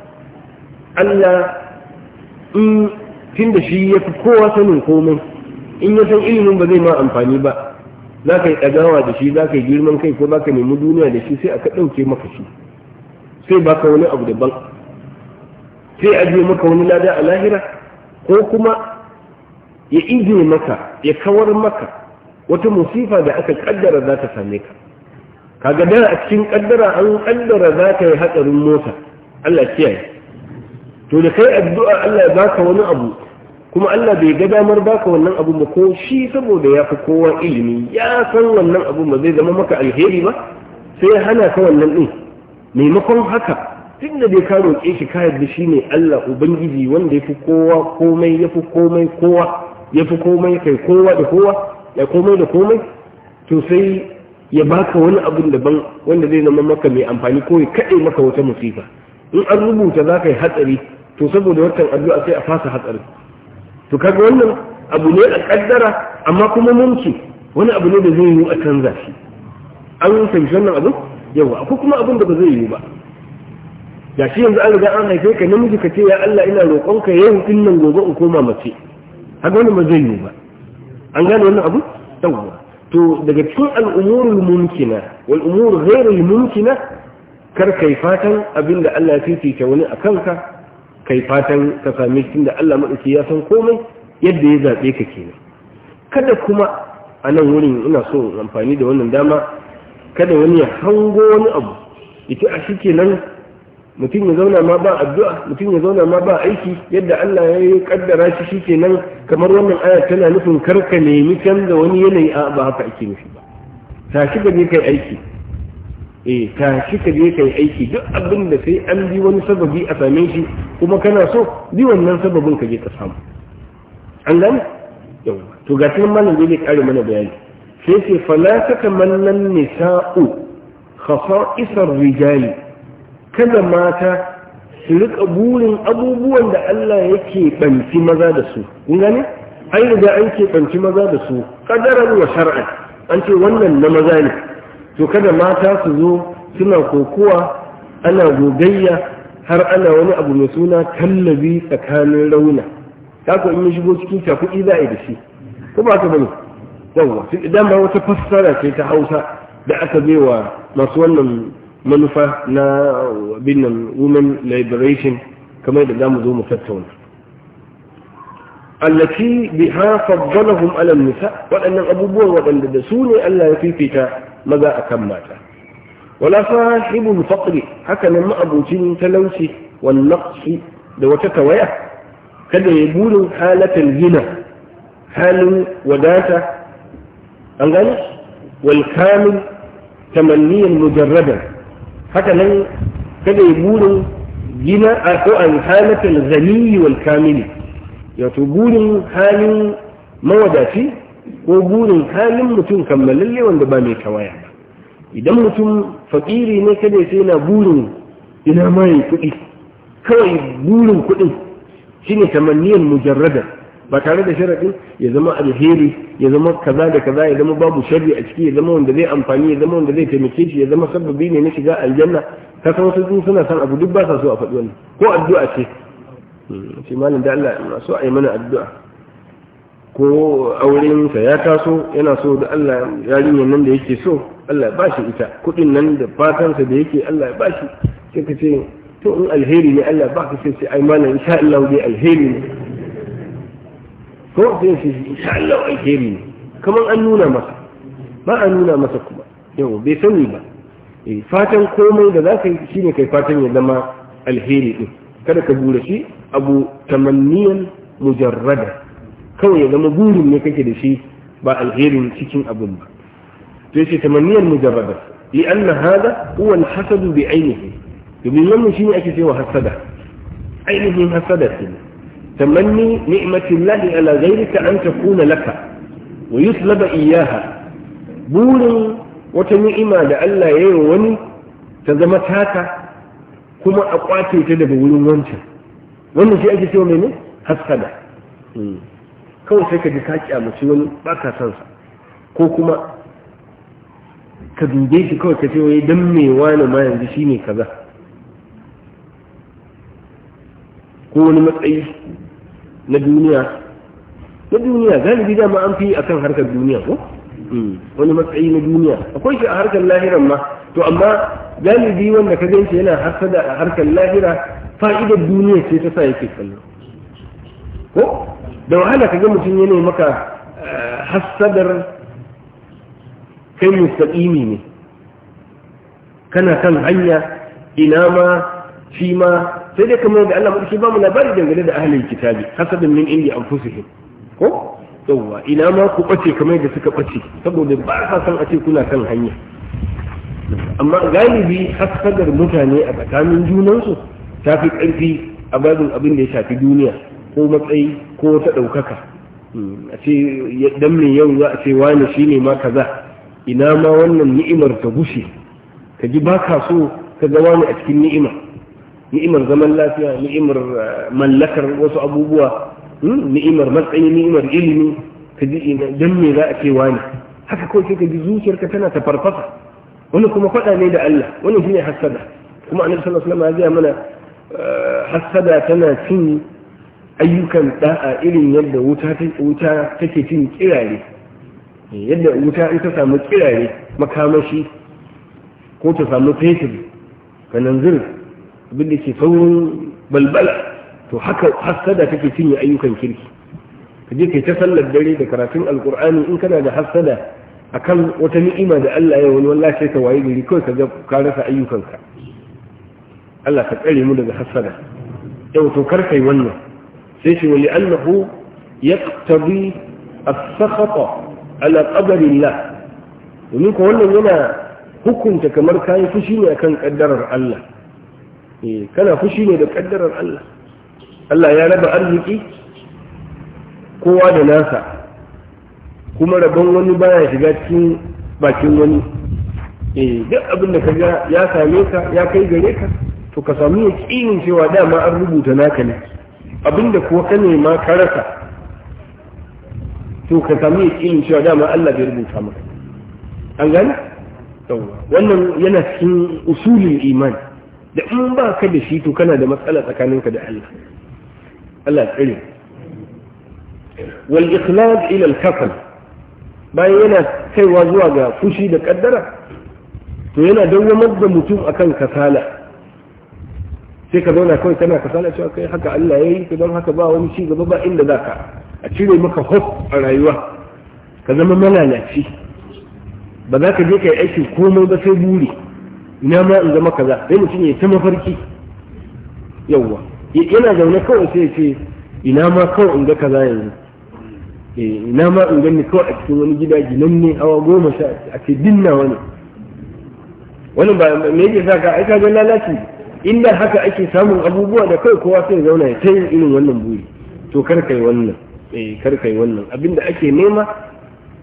Allah in tun da shi ya fi kowa sanin komai in ya san ilimin ba zai ma amfani ba za ka yi ɗagawa da shi za ka yi girman kai ko za ka nemi duniya da shi sai aka ɗauke maka shi sai baka wani abu daban sai ajiye maka wani lada a lahira ko kuma ya ije maka ya kawar maka wata musifa da aka kaddara za ta same ka kaga da a cikin kaddara an kaddara za ka yi hatsarin mota Allah kiyaye to da kai addu'a Allah ya baka wani abu kuma Allah bai ga damar baka wannan abu ba ko shi saboda ya fi kowa ilimi ya san wannan abu ba zai zama maka alheri ba sai hana ka wannan din maimakon haka tunda da ka roƙe shi ka yarda shi ne Allah Ubangiji wanda ya fi kowa komai ya fi komai kowa ya fi komai kai kowa da kowa ya komai da komai to sai ya baka wani abun daban wanda zai zama maka mai amfani ko ya kaɗe maka wata musifa in an rubuta za ka yi hatsari to saboda wancan addu'a sai a fasa hatsari to kaga wannan abu ne a kaddara amma kuma mumki wani abu ne da zai yiwu a canza shi an fahimci wannan abu yawa akwai kuma abin da ba zai yiwu ba ya shi yanzu an riga an haife ka namiji ka ce ya Allah ina roƙonka yau din nan gobe in koma mace haka wannan ba zai yiwu ba an gane wannan abu yawwa to daga cikin al'umurul mumkina wal umur ghairul mumkina kar kai fatan abinda Allah ya fifita wani a kanka kai fatan ka sami shi Allah madauki ya san komai yadda ya zabe ka kenan kada kuma a nan wurin ina so amfani da wannan dama kada wani ya hango wani abu ita a shi nan. mutum ya zauna ma ba addu'a mutum ya zauna ma ba aiki yadda Allah ya yi kaddara shi shikenan kamar wannan aya tana nufin karka nemi canza wani yanayi a ba haka ake nufi ba tashi ka je kai aiki eh tashi ka je kai aiki duk abin da sai an bi wani sababi a same shi kuma kana so bi wannan sababin ka je ka samu an gane to ga tun malam zai kare mana bayani sai sai falasaka takamannan nisa'u khasa'isar rijali kada mata su rika burin abubuwan da Allah yake banci maza da su kun gane ai riga an ke banci maza da su qadaran wa shar'an an ce wannan na maza ne to kada mata su zo suna kokowa ana gogayya har ana wani abu mai suna tallafi tsakanin rauna kako in ya shigo cikin cakuɗi za a yi da shi ko ba ka bane yawwa idan ba wata fassara ce ta hausa da aka bai wa masu wannan manufa na binnan women liberation kamar da zamu zo mu tattauna bi biha faddalahum ala nisa waɗannan abubuwan waɗanda da su ne Allah ya fifita maza akan mata wala sahibul faqri haka nan ma'abucin talauci wal naqsi da wata tawaya kada ya buru halatan gina halin wadata an gani wal kamil tamanniyan mujarradan haka nan kada ya burin gina a ko an zani ghani wal kamili yato burin halin mawadaci ko burin halin mutum kammalalle wanda ba mai tawaya idan mutum fakiri ne kada ya sai na burin ina mai kuɗi kawai burin kuɗin shine tamanniyar mujarradar ba tare da sharaɗin ya zama alheri ya zama kaza da kaza ya zama babu sharri a ciki ya zama wanda zai amfani ya zama wanda zai taimake shi ya zama sababi ne na shiga aljanna ka san wasu suna son abu duk ba sa so a faɗi wannan ko addu'a ce ce hmm, malam da Allah ya so a yi mana addu'a ko auren sa ya taso yana so da Allah yarinyar nan da yake so Allah ya bashi ita kuɗin nan da fatan sa da yake Allah ya bashi sai ka ce to in alheri ne Allah ba ka sai ai malam insha Allah dai alheri ne ko sai shi insha Allah alheri ne kaman an nuna masa ba a nuna masa kuma yau bai sani ba eh, fatan komai da za ka yi shine kai fatan ya zama alheri din kada ka bura shi abu tamanniyan mujarrada kawai ya zama burin ne kake da shi ba alherin cikin abin ba to yace tamanniyan mujarrada li anna hada huwa al-hasad bi ainihi domin wannan shine ake cewa hasada ainihin hasada ce تمني نعمة الله على غيرك أن تكون لك ويسلب إياها بول وتنعمة لألا يوني تزمت هكا كما أقواتي تدب ولون وانشا wannan shi ake cewa mene hassada kawai sai ka ji a kyamaci wani ba ka san sa ko kuma ka dube shi kawai ka ce wai dan me wani ma yanzu shine kaza ko wani matsayi na duniya na duniya galibi dama an fi akan harkar duniya ko hmm. wani matsayi na duniya akwai shi a harkar lahiran ma to amma galibi wanda ka gan shi yana hasada a harkar lahira fa'idar duniya ce ta sa yake kallo ko da wahala ka ga mutum yana maka eh, hasadar kai mustaqimi ne kana kan hanya ina ma shi ma sai dai kamar da Allah madauki ba mu labari dangane da ahlul kitabi hasadun min indi anfusihim ko yawa ina ma ku bace kamar da suka bace saboda ba sa san a ce kuna kan hanya amma galibi hasadar mutane a tsakanin junansu ta fi karfi a babin abin da ya shafi duniya ko matsayi ko ta ɗaukaka hmm, a ce dan me yau za a ce wani shine ma kaza ina ma wannan ni'imar ta gushe kaji baka so ka ga wani a cikin ni'ima ni'imar zaman lafiya ni'imar eh, mallakar wasu abubuwa hmm, ni'imar matsayi ni'imar ilimi ka ji dan me za a ce wani haka kawai sai ka ji zuciyarka tana ta farfasa wani kuma faɗa ne da Allah wani shine hasada kuma annabi sallallahu alaihi wasallam ya mana eh, hasada tana cin ayyukan da'a irin yadda wuta wuta take cin kirare yadda wuta in ta samu kirare makamashi ko ta samu fetur kananzir abin da ke saurin balbala to haka hassada take cinye ayyukan kirki ka je kai ta sallar dare da karatun alkur'ani in kana da hassada akan wata ni'ima da Allah ya wani wallahi sai ka waye gari kawai ka ga ka rasa ayyukanka Allah ka tsare mu daga hassada yau to kar kai wannan sai shi wali annahu yaqtabi as-sakhata ala qadari Allah domin ko wannan yana hukunta kamar kayi fushi ne akan kaddarar Allah Eh, kana fushi ne da kaddarar Allah Allah ya raba arziki kowa da nasa kuma rabon wani baya shiga cikin bakin wani eh duk abin da kaga ya same ka ya kai gare ka to ka samu yakinin cewa dama an rubuta naka ne Abin da kuwa ka nema ka rasa to ka samu yakinin cewa dama Allah bai rubuta maka an gani? wannan yana cikin usulin imani da in ba ka da shi to kana da matsala tsakaninka da Allah Allah tsare wal ikhlas ila al kafan bayan yana kaiwa zuwa ga fushi da kaddara to yana dawwamar da mutum akan kasala sai ka zauna kawai kana kasala cewa kai haka Allah yayi to don haka ba wani ci gaba ba inda zaka a cire maka hof a rayuwa ka zama malalaci ba za ka je ka yi aikin komai ba sai buri ina ma in zama kaza sai mutum ya ta mafarki yawwa yana zaune kawai sai ce ina ma kawai in ga kaza yanzu eh, ina ma in gani kawai a cikin wani gida ginan ne hawa goma sha a ce dinna wani wani ba me yake sa ka ai ka ga lalaci inda haka ake samun abubuwa da kai kowa sai zauna ya ta yin irin wannan buri to kar kai wannan eh kar kai wannan abinda ake nema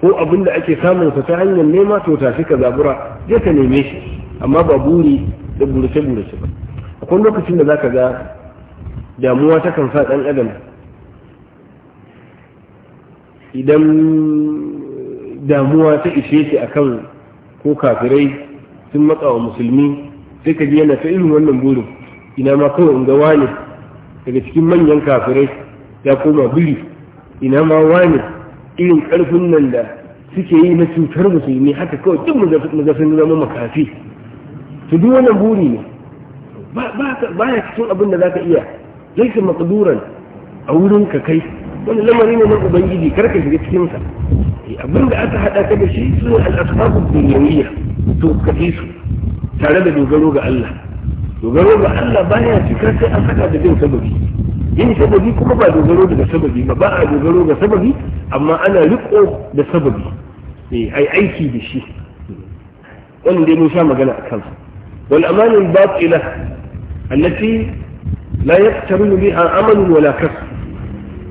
ko abin da ake samun sa ta hanyar nema to tafi ka zabura je ka neme shi amma ba buri da burace burace ba akwai lokacin da zaka ga damuwa ta kan sa dan adam idan damuwa ta ishe shi akan ko kafirai sun matsa wa musulmi sai ka ji yana ta irin wannan burin ina ma kawai in ga wani daga cikin manyan kafirai ya koma biri ina ma wani irin ƙarfin nan da suke yi na cutar musulmi haka kawai duk mu ga zama makafi su duk wannan buri ne ba ya cikin abin da za ka iya laisa makaduran a wurin ka kai wani lamari ne na ubangiji karka shiga cikin sa eh, abin da aka haɗa ka da shi sune al-asbabud dunyawiyya to ka su tare da dogaro ga Allah dogaro ga Allah baya cika sai an saka da jin sababi yin sababi kuma ba dogaro daga sababi ba ba a dogaro ga sababi amma ana riko da sababi eh ai aiki da shi wannan dai mun sha magana a kansa wal amanul batila allati la yaqtaru biha amal wala kas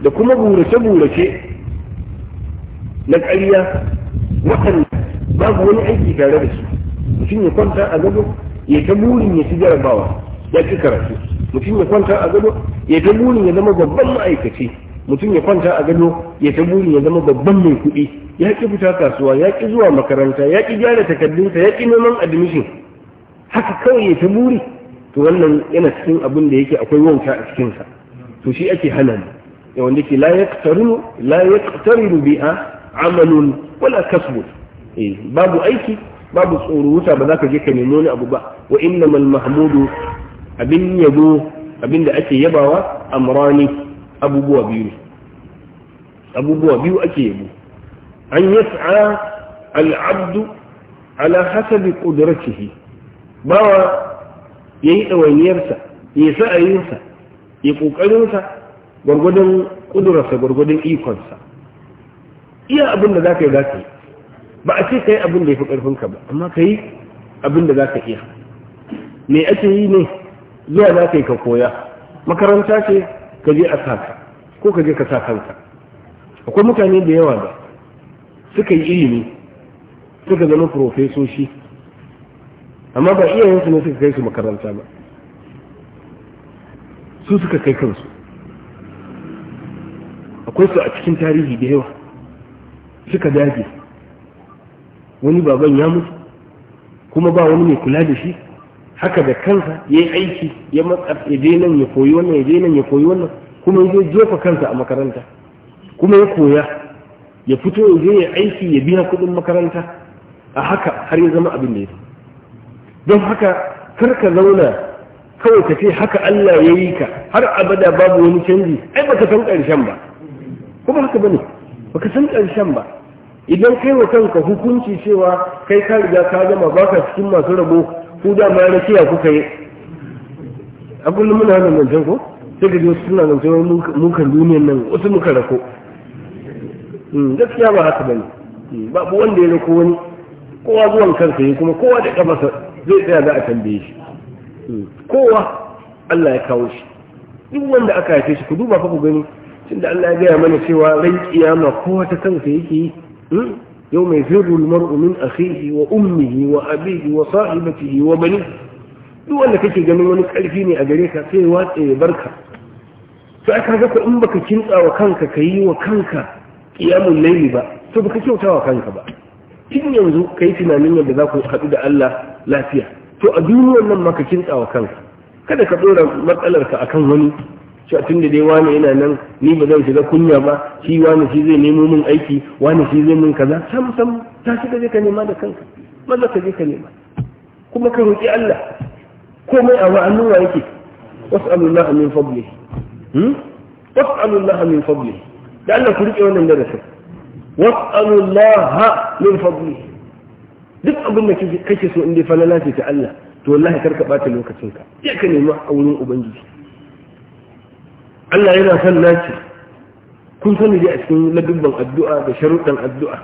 da kuma burace burace na ƙarya wannan babu wani aiki tare da su mutum ya kwanta a gado ya ta burin ya ci jarabawa ya ci karatu mutum ya kwanta a gado ya ta burin ya zama babban ma'aikaci mutum ya kwanta a gado ya ta burin ya zama babban mai kuɗi ya ki fita kasuwa ya ki zuwa makaranta ya ki gyara takardunsa ya ki neman admission haka kawai ya ta buri to wannan yana cikin abin da yake akwai wauta a cikinsa to shi ake hana mu ya wanda ke la yaqtarinu la yaqtarinu bi'a amalun wala kasbun eh, babu aiki babu tsoro wuta ba za ka je ka nemi wani abu ba wa innamal mahmudu abin yabo abin da ake yabawa amrani abubuwa biyu abubuwa biyu ake yabo an yas'a al'abdu ala hasabi qudratihi bawa yayi dawainiyarsa ya sa'ayinsa ya kokarinsa gwargwadon kudurarsa gwargwadon ikonsa iya abin da za ka yi za ka yi ba a ce ka yi abin da ya fi ƙarfinka ba amma ka yi abin da za ka iya me ake yi ne zuwa za ka yi ka koya makaranta ce ka je a sa ko ka je ka sa akwai mutane da yawa da suka yi ilimi suka zama profesoshi amma ba iyayensu ne suka kai su makaranta ba su suka kai kansu akwai su a cikin tarihi da yawa suka dage wani baban ya mutu kuma ba wani mai kula da shi haka da kansa ya yi aiki ya matsar ya je nan ya koyi wannan ya je nan ya koyi wannan kuma ya je kansa a makaranta kuma ya koya ya fito ya je ya aiki ya biya kuɗin makaranta a haka har ya zama abin da ya don haka kar ka zauna kawai ka ce haka Allah ya yi ka har abada babu wani canji ai baka san ƙarshen ba kuma haka bane baka san ƙarshen ba idan kai wa kanka hukunci cewa kai ka riga ka gama baka cikin masu rabo ku da ma rakiya kuka yi a kullum muna hannun zancen ko sai ka ji wasu suna zancen wani mukan duniyan nan wasu muka rako hmm, gaskiya ba haka bane hmm, babu wanda ya rako wani kowa zuwan kansa yi kuma kowa da kafa zai tsaya za a tambaye shi hmm, kowa Allah ya kawo shi duk wanda aka haife shi ku duba fa ku gani tunda Allah ya gaya mana cewa ran kiyama kowa ta kansa yake yi Hmm? يوم يفر المرء من أخيه وأمه وأبيه وصاحبته وبنيه duk wanda kake ganin wani ƙarfi ne a gare ka sai watsa ya barka to aka ga in baka kintsa wa kanka ka yi wa kanka kiyamun laifi ba to baka kyauta wa kanka ba tun yanzu ka yi tunanin yadda za ku haɗu da Allah lafiya to a duniyar nan maka kintsa wa kanka kada ka ɗora matsalar ka akan wani cewa tun da dai wani yana nan ni ba zan shiga kunya ba shi wani shi zai nemo min aiki wani shi zai min kaza sam sam ta shiga zai ka nema da kanka maza ka je ka nema kuma ka roƙi Allah komai a wa'annuwa yake was'alullaha min fadli hmm was'alullaha min fadli da Allah ku rike wannan darasin was'alullaha min fadli duk abin da kake so in dai falala ce ta Allah to wallahi karka bata lokacinka ya ka nema a wurin ubangiji Allah yana son naci kun sani dai a cikin ladubban addu'a da sharuɗan addu'a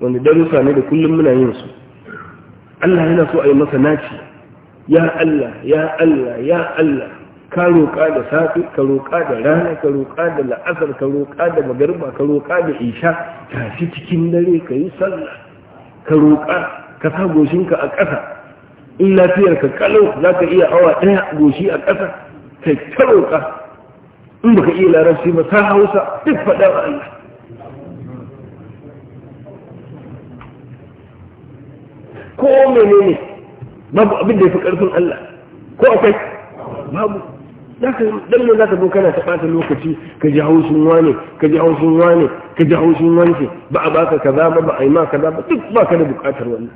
wanda darusa ne da kullum muna yin su Allah yana so a yi masa naci ya Allah ya Allah ya Allah ka roƙa da safi ka roƙa da rana ka roƙa da la'asar ka roƙa da magarba ka roƙa da isha Ka fi cikin dare ka yi sallah ka roƙa ka sa goshinka a ƙasa in lafiyar ka kalau za ka iya awa ɗaya goshi a ƙasa ka ta roƙa in baka iya larabci ba ta hausa duk faɗa wa Allah ko menene babu abin da ya fi ƙarfin Allah ko akwai babu dan ne za ka zo kana ta ɓata lokaci ka ji haushin wane ka ji haushin wane ka ji haushin wance ba a baka kaza ba ba a yi ma kaza ba duk ba ka da bukatar wannan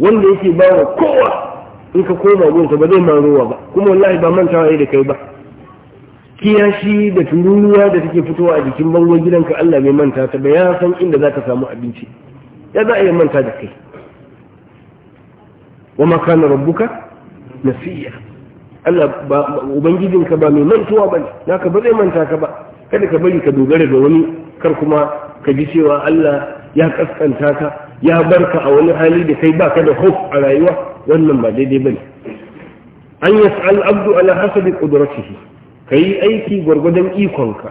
wanda yake ba wa kowa in ka koma gunsa ba zai ma ruwa ba kuma wallahi ba mantawa da kai ba kiyashi da tururuwa da take fitowa a jikin bangon gidanka Allah bai manta ta bai ya san inda za ka samu abinci ya za a yi manta da kai wa makana rabbuka nasiya Allah ba ubangijinka ba mai mantuwa ba naka ba zai manta ka ba kada ka bari ka dogara da wani kar kuma ka ji cewa Allah ya kaskanta ka ya barka a wani hali da kai baka da hope a rayuwa wannan ba daidai bane an yas'al abdu ala hasabi qudratihi ka yi aiki gwargwadon ikonka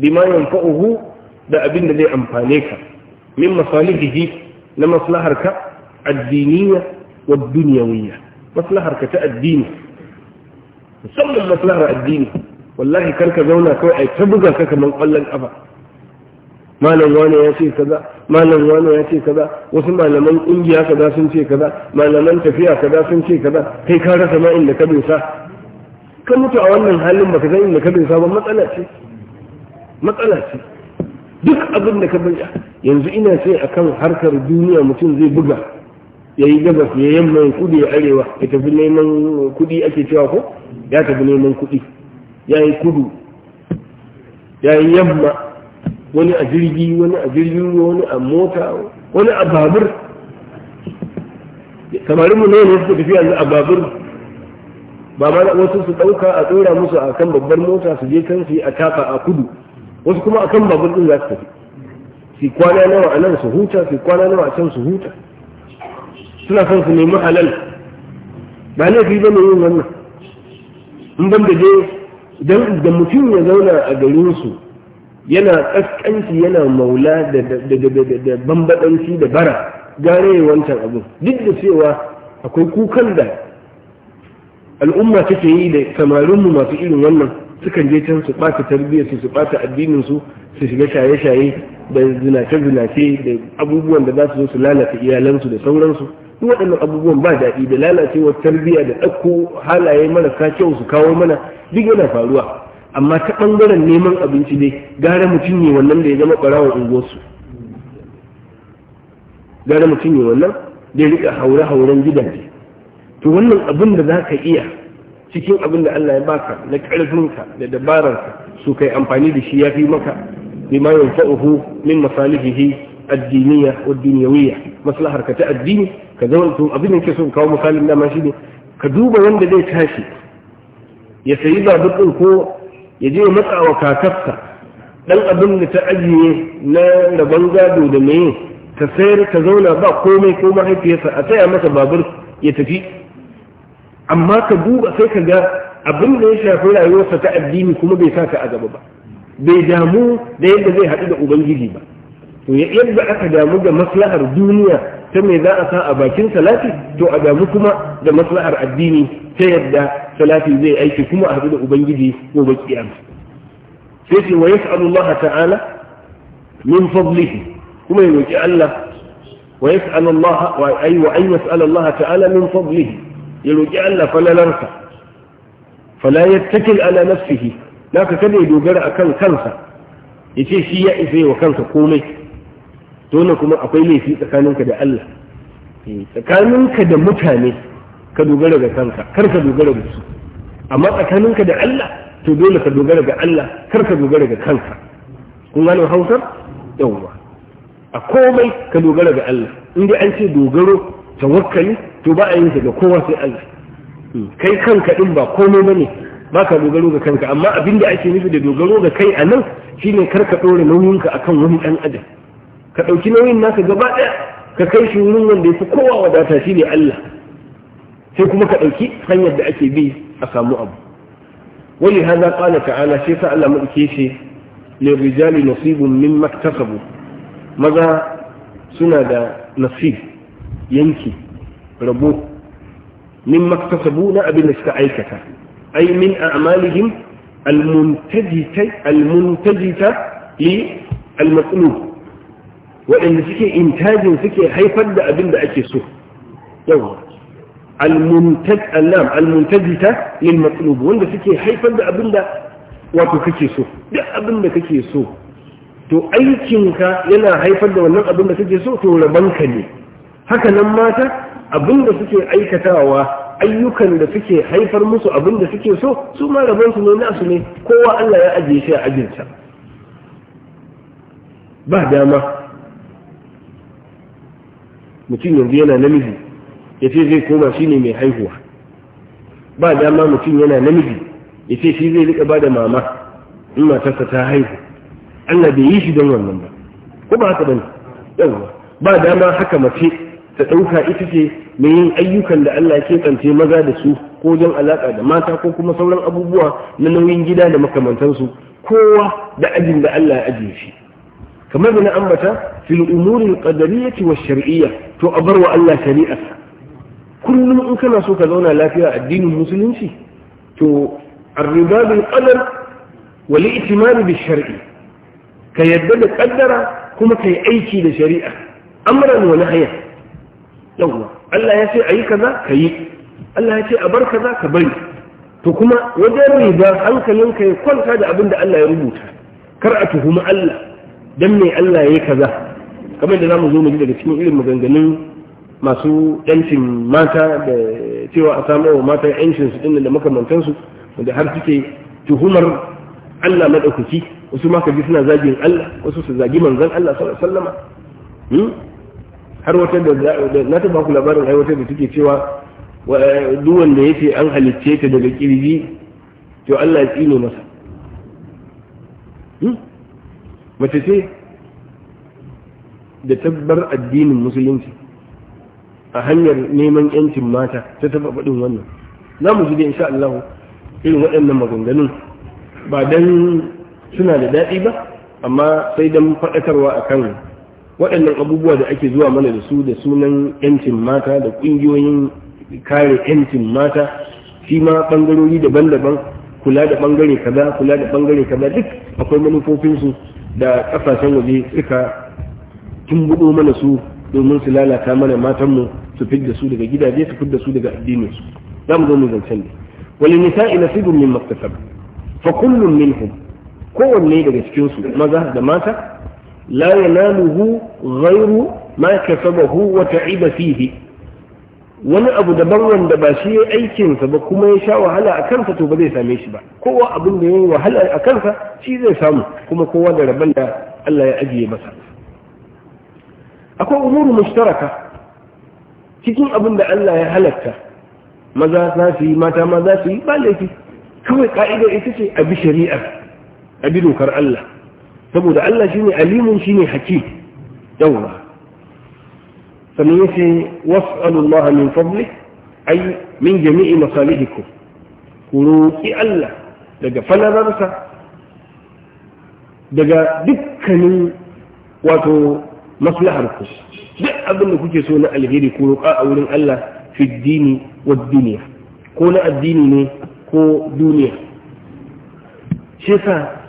bima yanfa'uhu da abin da zai amfane ka min masalihihi na ka addiniya wa dunyawiyya ka ta addini musamman maslahar addini wallahi kar ka zauna kawai ai ta buga ka kaman kwallon kafa malam wane ya ce kaza malam wane ya ce kaza wasu malaman kungiya kaza sun ce kaza malaman tafiya kaza sun ce kaza kai ka rasa ma inda ka dosa ka mutu a wannan halin baka san inda ka bin sabon matsala ce matsala ce duk abin da ka bin yanzu ina a akan harkar duniya mutum zai buga ya yi gabas ya yamma ya kudi ya arewa ya tafi neman kudi ake cewa ko ya tafi neman kudi ya yi kudu ya yi yamma wani a jirgi wani a jirgin ruwa wani a mota wani a babur Kamar mu ne ne suka tafi yanzu a babur ba ma wasu su ɗauka a tsora musu a kan babbar mota su je kan su yi a tafa a kudu wasu kuma a kan babur ɗin za su tafi su kwana nawa a nan su huta su kwana nawa a can su huta suna son su nemi halal ba ne ba ne yin wannan in ban da je dan da mutum ya zauna a garin su yana kaskanci yana maula da da bambadanci da bara gare wancan abin duk da cewa akwai kukan da al'umma ta take yi da samarinmu masu irin wannan sukan je can su ɓata tarbiyyar su su ɓata addininsu su shiga shaye-shaye da zinace-zinace da abubuwan da za su zo su lalata iyalansu da sauransu duk waɗannan abubuwan ba daɗi da lalacewar tarbiyya da ɗauko halaye marasa kyau su kawo mana duk yana faruwa amma ta ɓangaren neman abinci dai gara mutum ne wannan da ya zama ɓarawa unguwarsu gara mutum ne wannan da ya riƙa haure-hauren gidaje to wannan abin da za ka iya cikin abin da Allah ya baka na ƙarfinka da dabarar su kai amfani da shi ya fi maka bima fa'uhu min masalihihi addiniya wa dunyawiyya maslahar ka ta addini ka zama to abin da ke so kawo misalin shi ne ka duba wanda zai tashi ya sayi babur din ko ya je matsa wa kakarsa dan abin da ta ajiye na rabon gado da meye ta sayar ta zauna ba komai ko mahaifiyarsa a taya masa babur ya tafi amma ka duba sai ka ga abin da ya shafi rayuwarsa ta addini kuma bai sa ka a gaba ba bai damu da yadda zai haɗu da ubangiji ba to yadda aka damu da maslahar duniya ta mai za a sa a bakin salati to a damu kuma da maslahar addini ta yadda salati zai aiki kuma a haɗu da ubangiji gobe kiyama sai ce wa yas'alu Allah ta'ala min fadlihi kuma ya roki Allah wa yas'alu Allah wa ay wa an yas'ala Allah ta'ala min fadlihi ya roƙi Allah falalarsa fala yattakil ala nafsihi ka kada ya dogara a kan kansa ya ce shi ya isa wa kansa komai dole kuma akwai laifi tsakaninka da Allah eh, tsakaninka da mutane ka dogara ga kanka kar ka dogara ga su amma tsakaninka da Allah to dole ka dogara ga Allah kar ka dogara ga kanka kun gano hausar yawwa a komai ka dogara ga Allah in dai an ce dogaro tawakkali to ba a yin sa ga kowa sai Allah hmm. kai kanka din ba komai bane ba ka dogaro ga kanka amma abin da ake nufi da dogaro ga kai a nan shine kar ka ɗora ka akan wani ɗan adam ka ɗauki nauyin naka gaba ɗaya ka kai shi wurin wanda ya fi kowa wadata shi ne Allah sai kuma ka ɗauki hanyar da ake bi a samu abu wani haza ala ta'ala sai sa Allah maɗauke shi ne rijali nasibun min maktasabu maza suna da nasib yanki ربوه مما اكتسبونا أبن استعيكة أي من أعمالهم المنتجتة المنتجتة للمطلوب وإن فيكي إنتاج فيكي حيفد أبن بأكسه يوه المنتج اللام نعم، المنتجتة للمطلوب وإن فيكي حيفد أبن بأكسه دا أبن بأكسه to aikinka yana haifar da wannan abin da kake so to rabanka ne haka nan mata abinda suke aikatawa ayyukan da suke haifar musu abinda suke so su ma rabon su ne nasu ne kowa Allah ya ajiye shi a ajinta ba dama mutum yanzu yana namiji ya ce zai koma shi ne mai haihuwa ba dama mutum yana namiji ya ce shi zai rika ba da mama in matarsa ta haihu Allah bai yi shi don wannan ba ko ba haka bane yawwa ba dama haka mace ta ɗauka ita ce mai yin ayyukan da Allah ke tsance maza da su ko wajen alaƙa da mata ko kuma sauran abubuwa na nauyin gida da makamantansu kowa da ajin da Allah ya ajiye shi kamar da na ambata fil umuri qadariyyati wa shar'iyya to a barwa Allah shari'a kullum in kana so ka zauna lafiya addinin musulunci to arriba bil qadar wal i'timar bil shar'i ka yadda da kaddara kuma kai aiki da shari'a amran wa nahya yawwa Allah ya ce a yi kaza ka yi Allah ya ce a bar kaza ka bari to kuma wajen riba hankalinka ya kwanta da abin da Allah ya rubuta kar a tuhumi Allah dan me Allah ya yi kaza kamar da zamu zo mu ji daga cikin irin maganganun masu yancin mata da cewa a samu wa mata yancin su dinnan da makamantansu wanda har suke tuhumar Allah madaukaki wasu ma ka ji suna zagin Allah wasu su zagi manzon Allah sallallahu alaihi wasallama hmm? har wata da na ta baku labarin aiwatar da take cewa duk wanda yake an halicce ta daga kirji to Allah ya tsine masa hmm? mace ce da tabbar addinin musulunci a hanyar neman yancin mata ta taba faɗin wannan za mu ji insha Allah irin waɗannan maganganun ba dan suna da daɗi ba amma sai dan faɗakarwa akan waɗannan abubuwa da ake zuwa mana da su da sunan yancin mata da ƙungiyoyin kare yancin mata shi ma ɓangarori daban-daban kula da ɓangare kaza kula da ɓangare kaza duk akwai manufofinsu da ƙasashen waje suka tumbuɗo mana su domin su lalata mana matanmu su fidda su daga gidaje su fidda su daga addininsu za mu zo mu zancen ne wani ina nasibun min maktasab fa kullum minhum kowanne daga cikinsu maza da mata la yanaluhu ghairu ma kasabahu wa ta'iba wani abu daban wanda ba shi ya aikinsa ba kuma ya sha wahala a kansa to ba zai same shi ba kowa abin da ya yi wahala a kansa shi zai samu kuma kowa da rabon da Allah ya ajiye masa akwai umuru mushtaraka cikin abin da Allah ya halatta maza za su yi mata ma za su yi ba laifi kawai ka'ida ita ce a bi shari'ar a bi dokar Allah saboda Allah shine alimun shine hakim yawa sannan yace was'alullah min fadli ay min jami'i masalihikum ku roki Allah daga falalarsa daga dukkanin wato maslaharku duk abin da kuke so na alheri ku roƙa a wurin Allah fi dini wa duniya ko na addini ne ko duniya shi yasa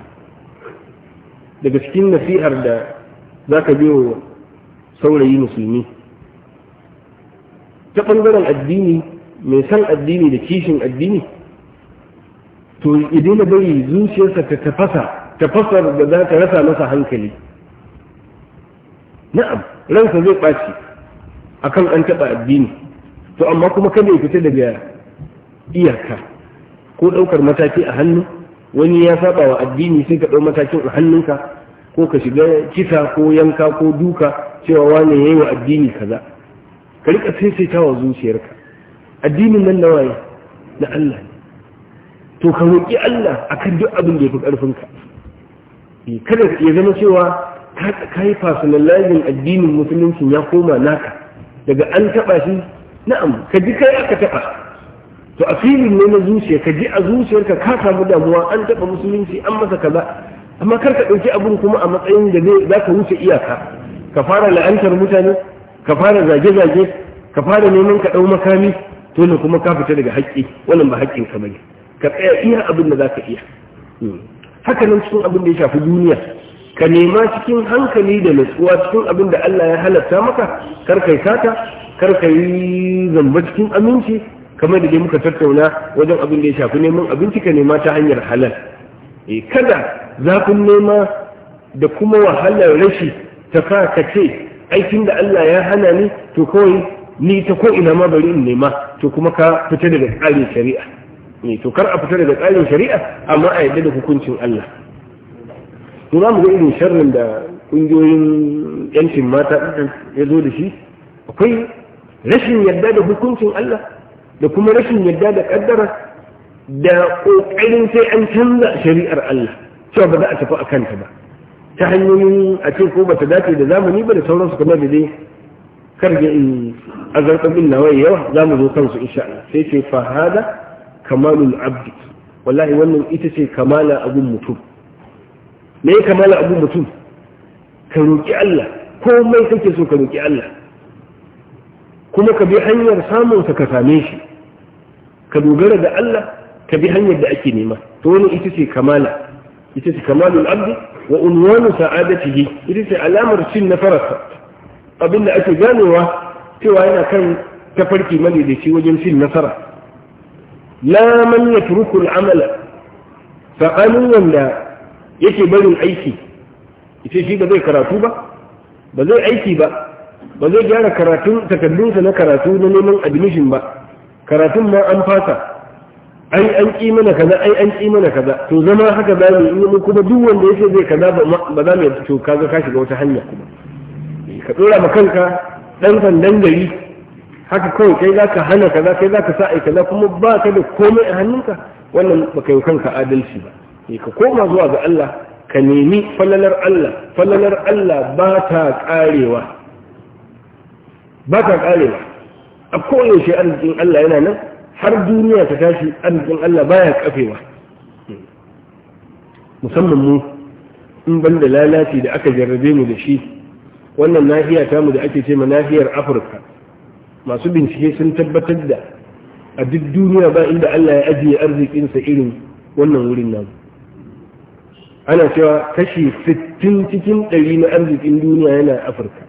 daga cikin nasihar da za ka biyo saurayi musulmi ta ɓangaren addini mai san addini da kishin addini to idan na bari zuciyarsa ta tafasa tafasar da za ta rasa masa hankali na'am ransa zai ɓaci akan an taɓa addini to amma kuma kada ya fita daga iyaka ko ɗaukar mataki a hannu wani ya saba wa addini sai ka ɗau matakin a hannunka ko ka shiga kisa ko yanka ko duka cewa wane ya yi wa addini kaza ka rika sai wa zuciyarka addinin nan nawaye na Allah ne to ka roƙi Allah akan duk abin da ya fi ƙarfinka eh, kada ya zama cewa ka yi fasinallajin addinin musulunci ya koma naka daga an taɓa shi na'am ka ji kai aka taɓa to a filin ne na zuciya ka ji a zuciyarka ka samu damuwa an taɓa musulunci an masa kaza amma kar ka ɗauki abin kuma a matsayin da zai za ka wuce iyaka ka fara la'antar mutane ka fara zage-zage ka fara neman ka ɗau makami ne kuma ka fita daga haƙƙi wannan ba haƙƙin ka bane ka tsaya iya abin da za ka iya hmm. haka nan cikin abin da ya shafi duniya ka nema cikin hankali da nutsuwa cikin abin da Allah ya halatta maka kar kai sata kar kai zamba cikin aminci kamar da dai muka tattauna wajen abin da ya shafi neman abinci ka nema ta hanyar halal e kada zafin nema da kuma wahalar rashi ta ka ce aikin da Allah ya hana ni to kawai ni ta ko ina ma bari in nema to kuma ka fita daga tsarin shari'a ne eh, to kar a fita daga tsarin shari'a amma a yadda da hukuncin Allah to za mu ga irin sharrin da kungiyoyin yancin mata ya zo da shi akwai rashin yadda da hukuncin Allah da kuma rashin yadda da kaddara da ƙoƙarin sai an canza shari'ar Allah cewa ba za a tafi a kanta ba ta hanyoyin a ce ko ba ta dace da zamani ba da sauransu kamar da dai karge in azarta bin nawa yawa za mu zo kansu insha Allah sai ce fa kamalul abdi wallahi wannan ita ce kamala abun mutum me ya kamala abun mutum ka roƙi Allah komai kake so ka roƙi Allah kuma ka bi hanyar samun ka same shi ka dogara da Allah ka bi hanyar da ake nema to wani ita ce kamala ita ce kamalul abdi wa unwanu sa'adatihi ita ce alamar cin nasararsa abinda ake ganewa cewa yana kan tafarki madaidaici wajen cin nasara la man yatruku al'amala fa'alun wanda yake barin aiki ita shi ba zai karatu ba ba zai aiki ba ba zai gyara karatun takardunsa na karatu na neman admission ba karatun ma an fata ai an ƙi mana kaza ai an ƙi mana kaza to zama haka za mu yi kuma duk wanda yake zai kaza ba za mu yi to kaga ka shiga wata hanya kuma eh, ka dora ma kanka dan sandan gari haka kawai kai za ka hana kaza kai za ka sa kaza kuma ba ka da komai a hannunka wannan ba ka yi kanka adalci ba eh, ka koma zuwa ga Allah ka nemi falalar Allah falalar Allah ba ta ƙarewa. ba ta a koyaushe arzikin Allah yana nan har duniya ta tashi arzikin Allah baya kafewa musamman mu in ban da lalaci da aka jarrabe mu da shi wannan nahiya tamu da ake ce ma nahiyar afirka masu bincike sun tabbatar da a duk duniya ba inda Allah ya ajiye arzikinsa irin wannan wurin nan ana cewa kashi 60 cikin 100 na arzikin duniya yana afirka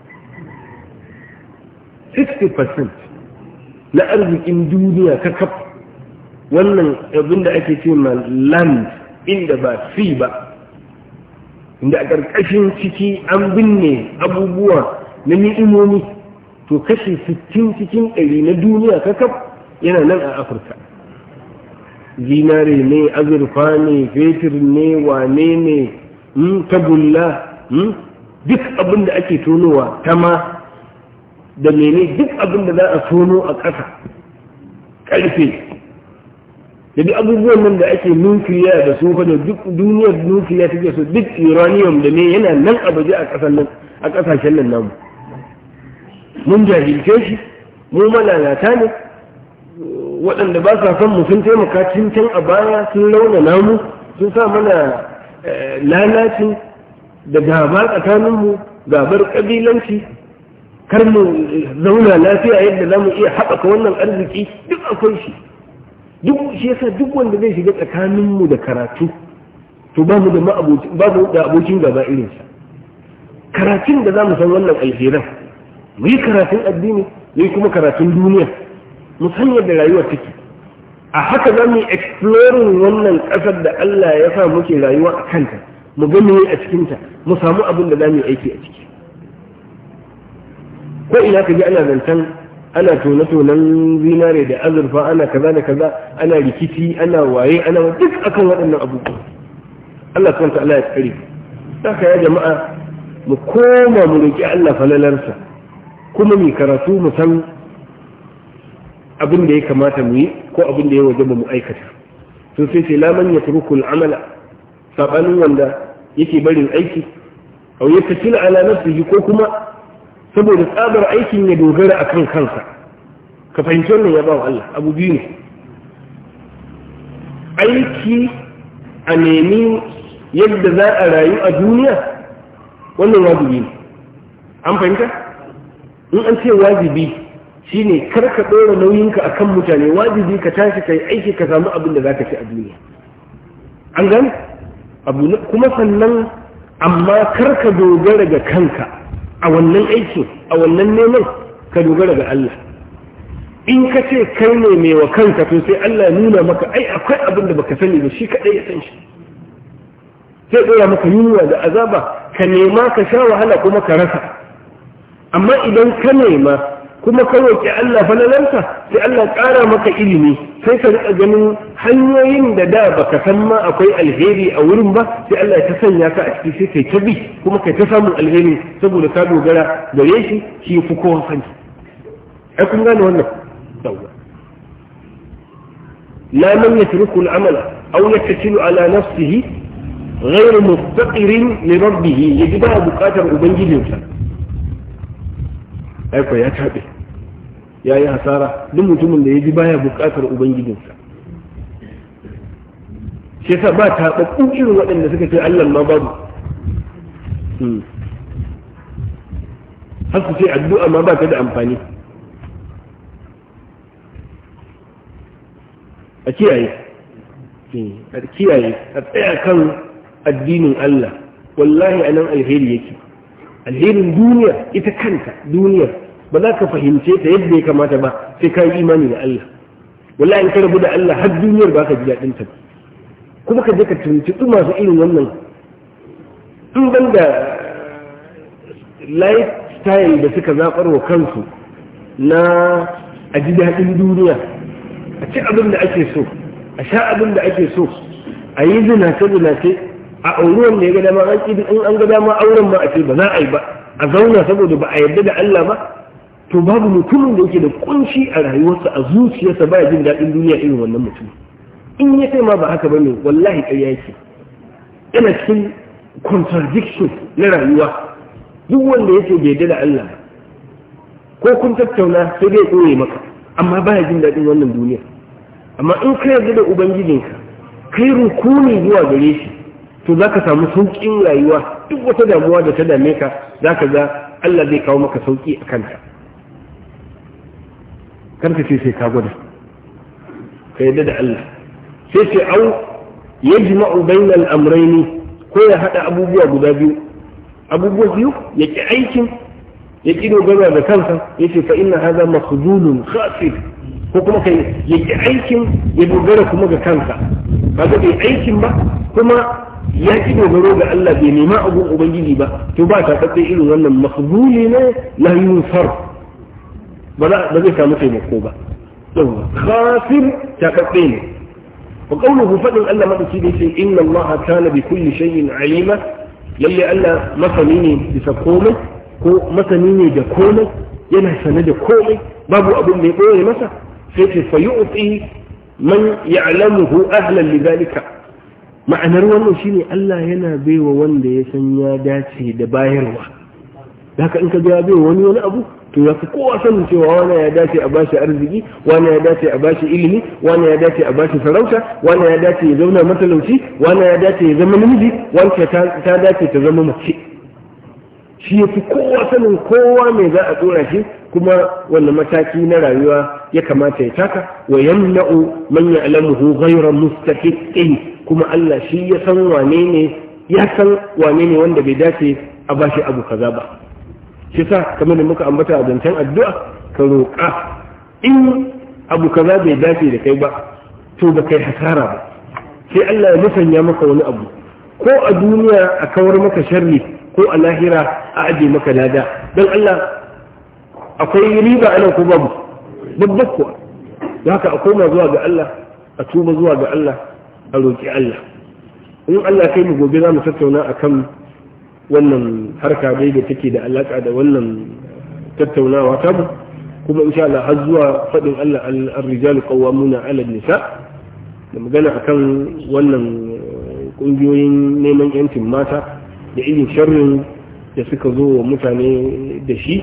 60 na arzikin duniya ka kakaf wannan abin da ake ce ma land inda ba fi ba inda a ƙarƙashin ciki an binne abubuwa na ni'imomi to kashe 60 cikin ɗari na duniya ka kakaf yana nan a afirka zinare ne azurfa ne fetur ne wane ne hmm, tagulla hmm, duk abin da ake tonowa tama da mene duk abin da za a sono a ƙasa ƙarfe da duk abubuwan nan da ake nukiliya da su fa da duk duniyar nukiliya take so duk uranium da ne yana nan a baje a ƙasar nan a ƙasashen nan namu mun jahilce shi mu malalata ne waɗanda ba sa son mu sun taimaka cincin a baya sun launa namu sun sa mana eh, lalacin da gaba tsakaninmu gabar ƙabilanci kar mu zauna lafiya yadda za mu iya haɓaka wannan arziki duk akwai shi duk shi yasa duk wanda zai shiga tsakaninmu da karatu to ba mu da abokin gaba irinsa karatun da za mu san wannan alheran mu yi karatun addini mu yi kuma karatun duniya mu san yadda rayuwar take a haka za mu yi exploring wannan ƙasar da Allah ya sa muke rayuwa a kanta mu gani a cikinta mu samu abin da za mu yi aiki a ciki ko ina ka ji ana zantan, ana tona-tonan zinare da azurfa ana kaza da kaza ana rikici ana waye ana duk akan waɗannan abubuwa Allah kanta Allah ya tsare saka ya jama'a mu koma mu roki Allah falalarsa kuma mu karatu mu san abin da ya kamata mu yi ko abin da ya waje mu aikata to sai sai laman ya turku al'amala sabanin wanda yake barin aiki aw yaktil ala nafsihi ko kuma saboda tsabar aikin ya dogara a kan kansa ka fahimci wannan ya ba wa Allah abu biyu aiki a nemi yadda za a rayu a duniya wannan wajibi ne an fahimta in an ce wajibi shine kar ka ɗora nauyinka a kan mutane wajibi ka tashi ka yi aiki ka samu abin da za ka ci a duniya an gani abu kuma sannan amma kar ka dogara ga kanka a wannan aikin a wannan neman ka dogara ga Allah in ka ce kai ne mai wa kanka to sai Allah nuna maka ai akwai abin da baka sani ba shi kadai ya san shi sai dora maka yunwa da azaba ka nema ka sha wahala kuma ka rasa amma idan ka nema kuma ka ke Allah falalanka sai Allah ƙara maka ilimi sai ka riƙa ganin hanyoyin da da baka san ma akwai alheri a wurin ba sai Allah ta sanya ka a ciki sai kai ta bi kuma kai ta samun alheri saboda ka dogara gare shi shi fi kowa sani ai kun gane wannan dawa la man yatruku al-amala aw yattasilu ala nafsihi ghayr mustaqirin li rabbih yaji ba bukatar ubangijinsa aiko ya taɓe ya yi hasara duk mutumin da ya ji baya buƙatar ubangijinsa shi yasa ba ta taɓaɓɓun irin waɗanda suka ce Allah ma babu hmm. har su ce addu'a ma ba ta da amfani a kiyaye hmm. a kiyaye a tsaya kan addinin Allah wallahi anan alheri yake alherin duniya ita kanta duniyar. ba za ka fahimce ta yadda ya kamata ba sai ka yi imani da Allah wallahi in ka rabu da Allah har duniyar ba ka ji daɗin ta kuma ka je ka tuntuɓi masu irin wannan in ban da lifestyle da suka zaɓar wa kansu na a ji daɗin duniya a ci abin da ake so a sha abin da ake so a yi zinace-zinace a auren da ya ga dama an an ga dama auren ma a ce ba za a yi ba a zauna saboda ba a yarda da Allah ba to babu mutumin da yake da kunshi a rayuwarsa a zuciyarsa baya jin daɗin duniya irin wannan mutum in ya kai ma ba haka ba ne wallahi ƙarya yake yana cikin contradiction na rayuwa duk wanda yake bai da Allah ko kun tattauna sai dai koye maka amma baya jin daɗin wannan duniya amma in ka yarda da ubangijinka kai rukuni zuwa gare shi to zaka samu sauƙin rayuwa duk wata damuwa da ta dame ka zaka ga Allah zai kawo maka sauƙi a kanta karka ce sai ka gwada ka yadda da Allah sai ce au yajma'u bainal amrayni ko ya haɗa abubuwa guda biyu abubuwa biyu ya ƙi aikin ya ki dogara da kansa Ya ce fa inna hadha makhzulun khasir ko kuma kai ya ƙi aikin ya dogara kuma ga kansa Ba kaga bai aikin ba kuma ya ki dogaro ga Allah bai nema abun ubangiji ba to ba ta tsaye irin wannan makhzuli ne la yunsar ba zai samu taimako ba khasir takatsi ne wa qawluhu fadin Allah madaki da yace inna Allah kana bi kulli shay'in alima lalle Allah masani ne bisa komai ko masani ne da komai yana sane da komai babu abin da ya koye masa sai ce fa yu'ti man ya'lamuhu ahlan lidhalika ma'anar wannan shine Allah yana baiwa wanda ya san ya dace da bayarwa haka in ka ga bai wani wani abu to ya fi kowa sanin cewa wani ya dace a bashi arziki wani ya dace a bashi ilimi wani ya dace a bashi sarauta wani ya dace ya zauna matalauci wani ya dace ya zama namiji wani ta dace ta zama mace shi ya fi kowa sanin kowa mai za a tsora shi kuma wani mataki na rayuwa ya kamata ya taka wa yamna'u man ya'lamuhu ghayra mustahiqqin kuma Allah shi ya san wane ya san wane ne wanda bai dace a bashi abu kaza ba shi sa kamar da muka ambata a zancen addu'a ka roƙa in abu kaza bai dace da kai ba to ba kai hasara ba sai Allah ya musanya maka wani abu ko a duniya a kawar maka sharri ko a lahira a aje maka lada don Allah akwai riba anan ko babu babbar kuwa da haka a koma zuwa ga Allah a tuba zuwa ga Allah a roƙi Allah in Allah kai mu gobe za mu tattauna akan wannan harka dai da take da alaka da wannan tattaunawa ta ba kuma insha Allah har zuwa fadin Allah ar-rijal qawwamuna 'ala nisa da magana akan wannan kungiyoyin neman yancin mata da irin sharrin da suka zo wa mutane da shi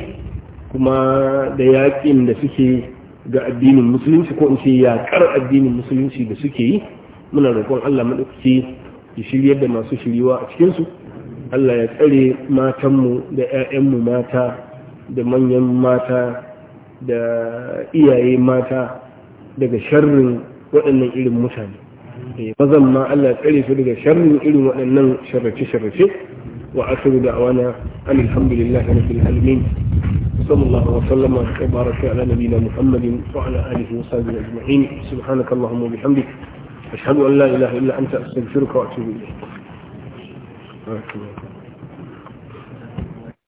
kuma da yaƙin da suke ga addinin musulunci ko in ce yaƙar addinin musulunci da suke yi muna roƙon Allah maɗaukaki ya shiryar da masu shiriwa a cikinsu Allah ya tsare matanmu da 'ya'yanmu mata da manyan mata da iyaye mata daga sharrin waɗannan irin mutane eh, mazan ma Allah ya tsare su daga sharrin irin waɗannan sharrace-sharrace wa asiru da awana an alhamdulillah na fil alamin sallallahu wa sallama wa baraka ala nabiyina muhammadin wa ala alihi wa sahbihi ajma'in subhanakallahumma wa bihamdik ashhadu an la ilaha illa anta 二十すみ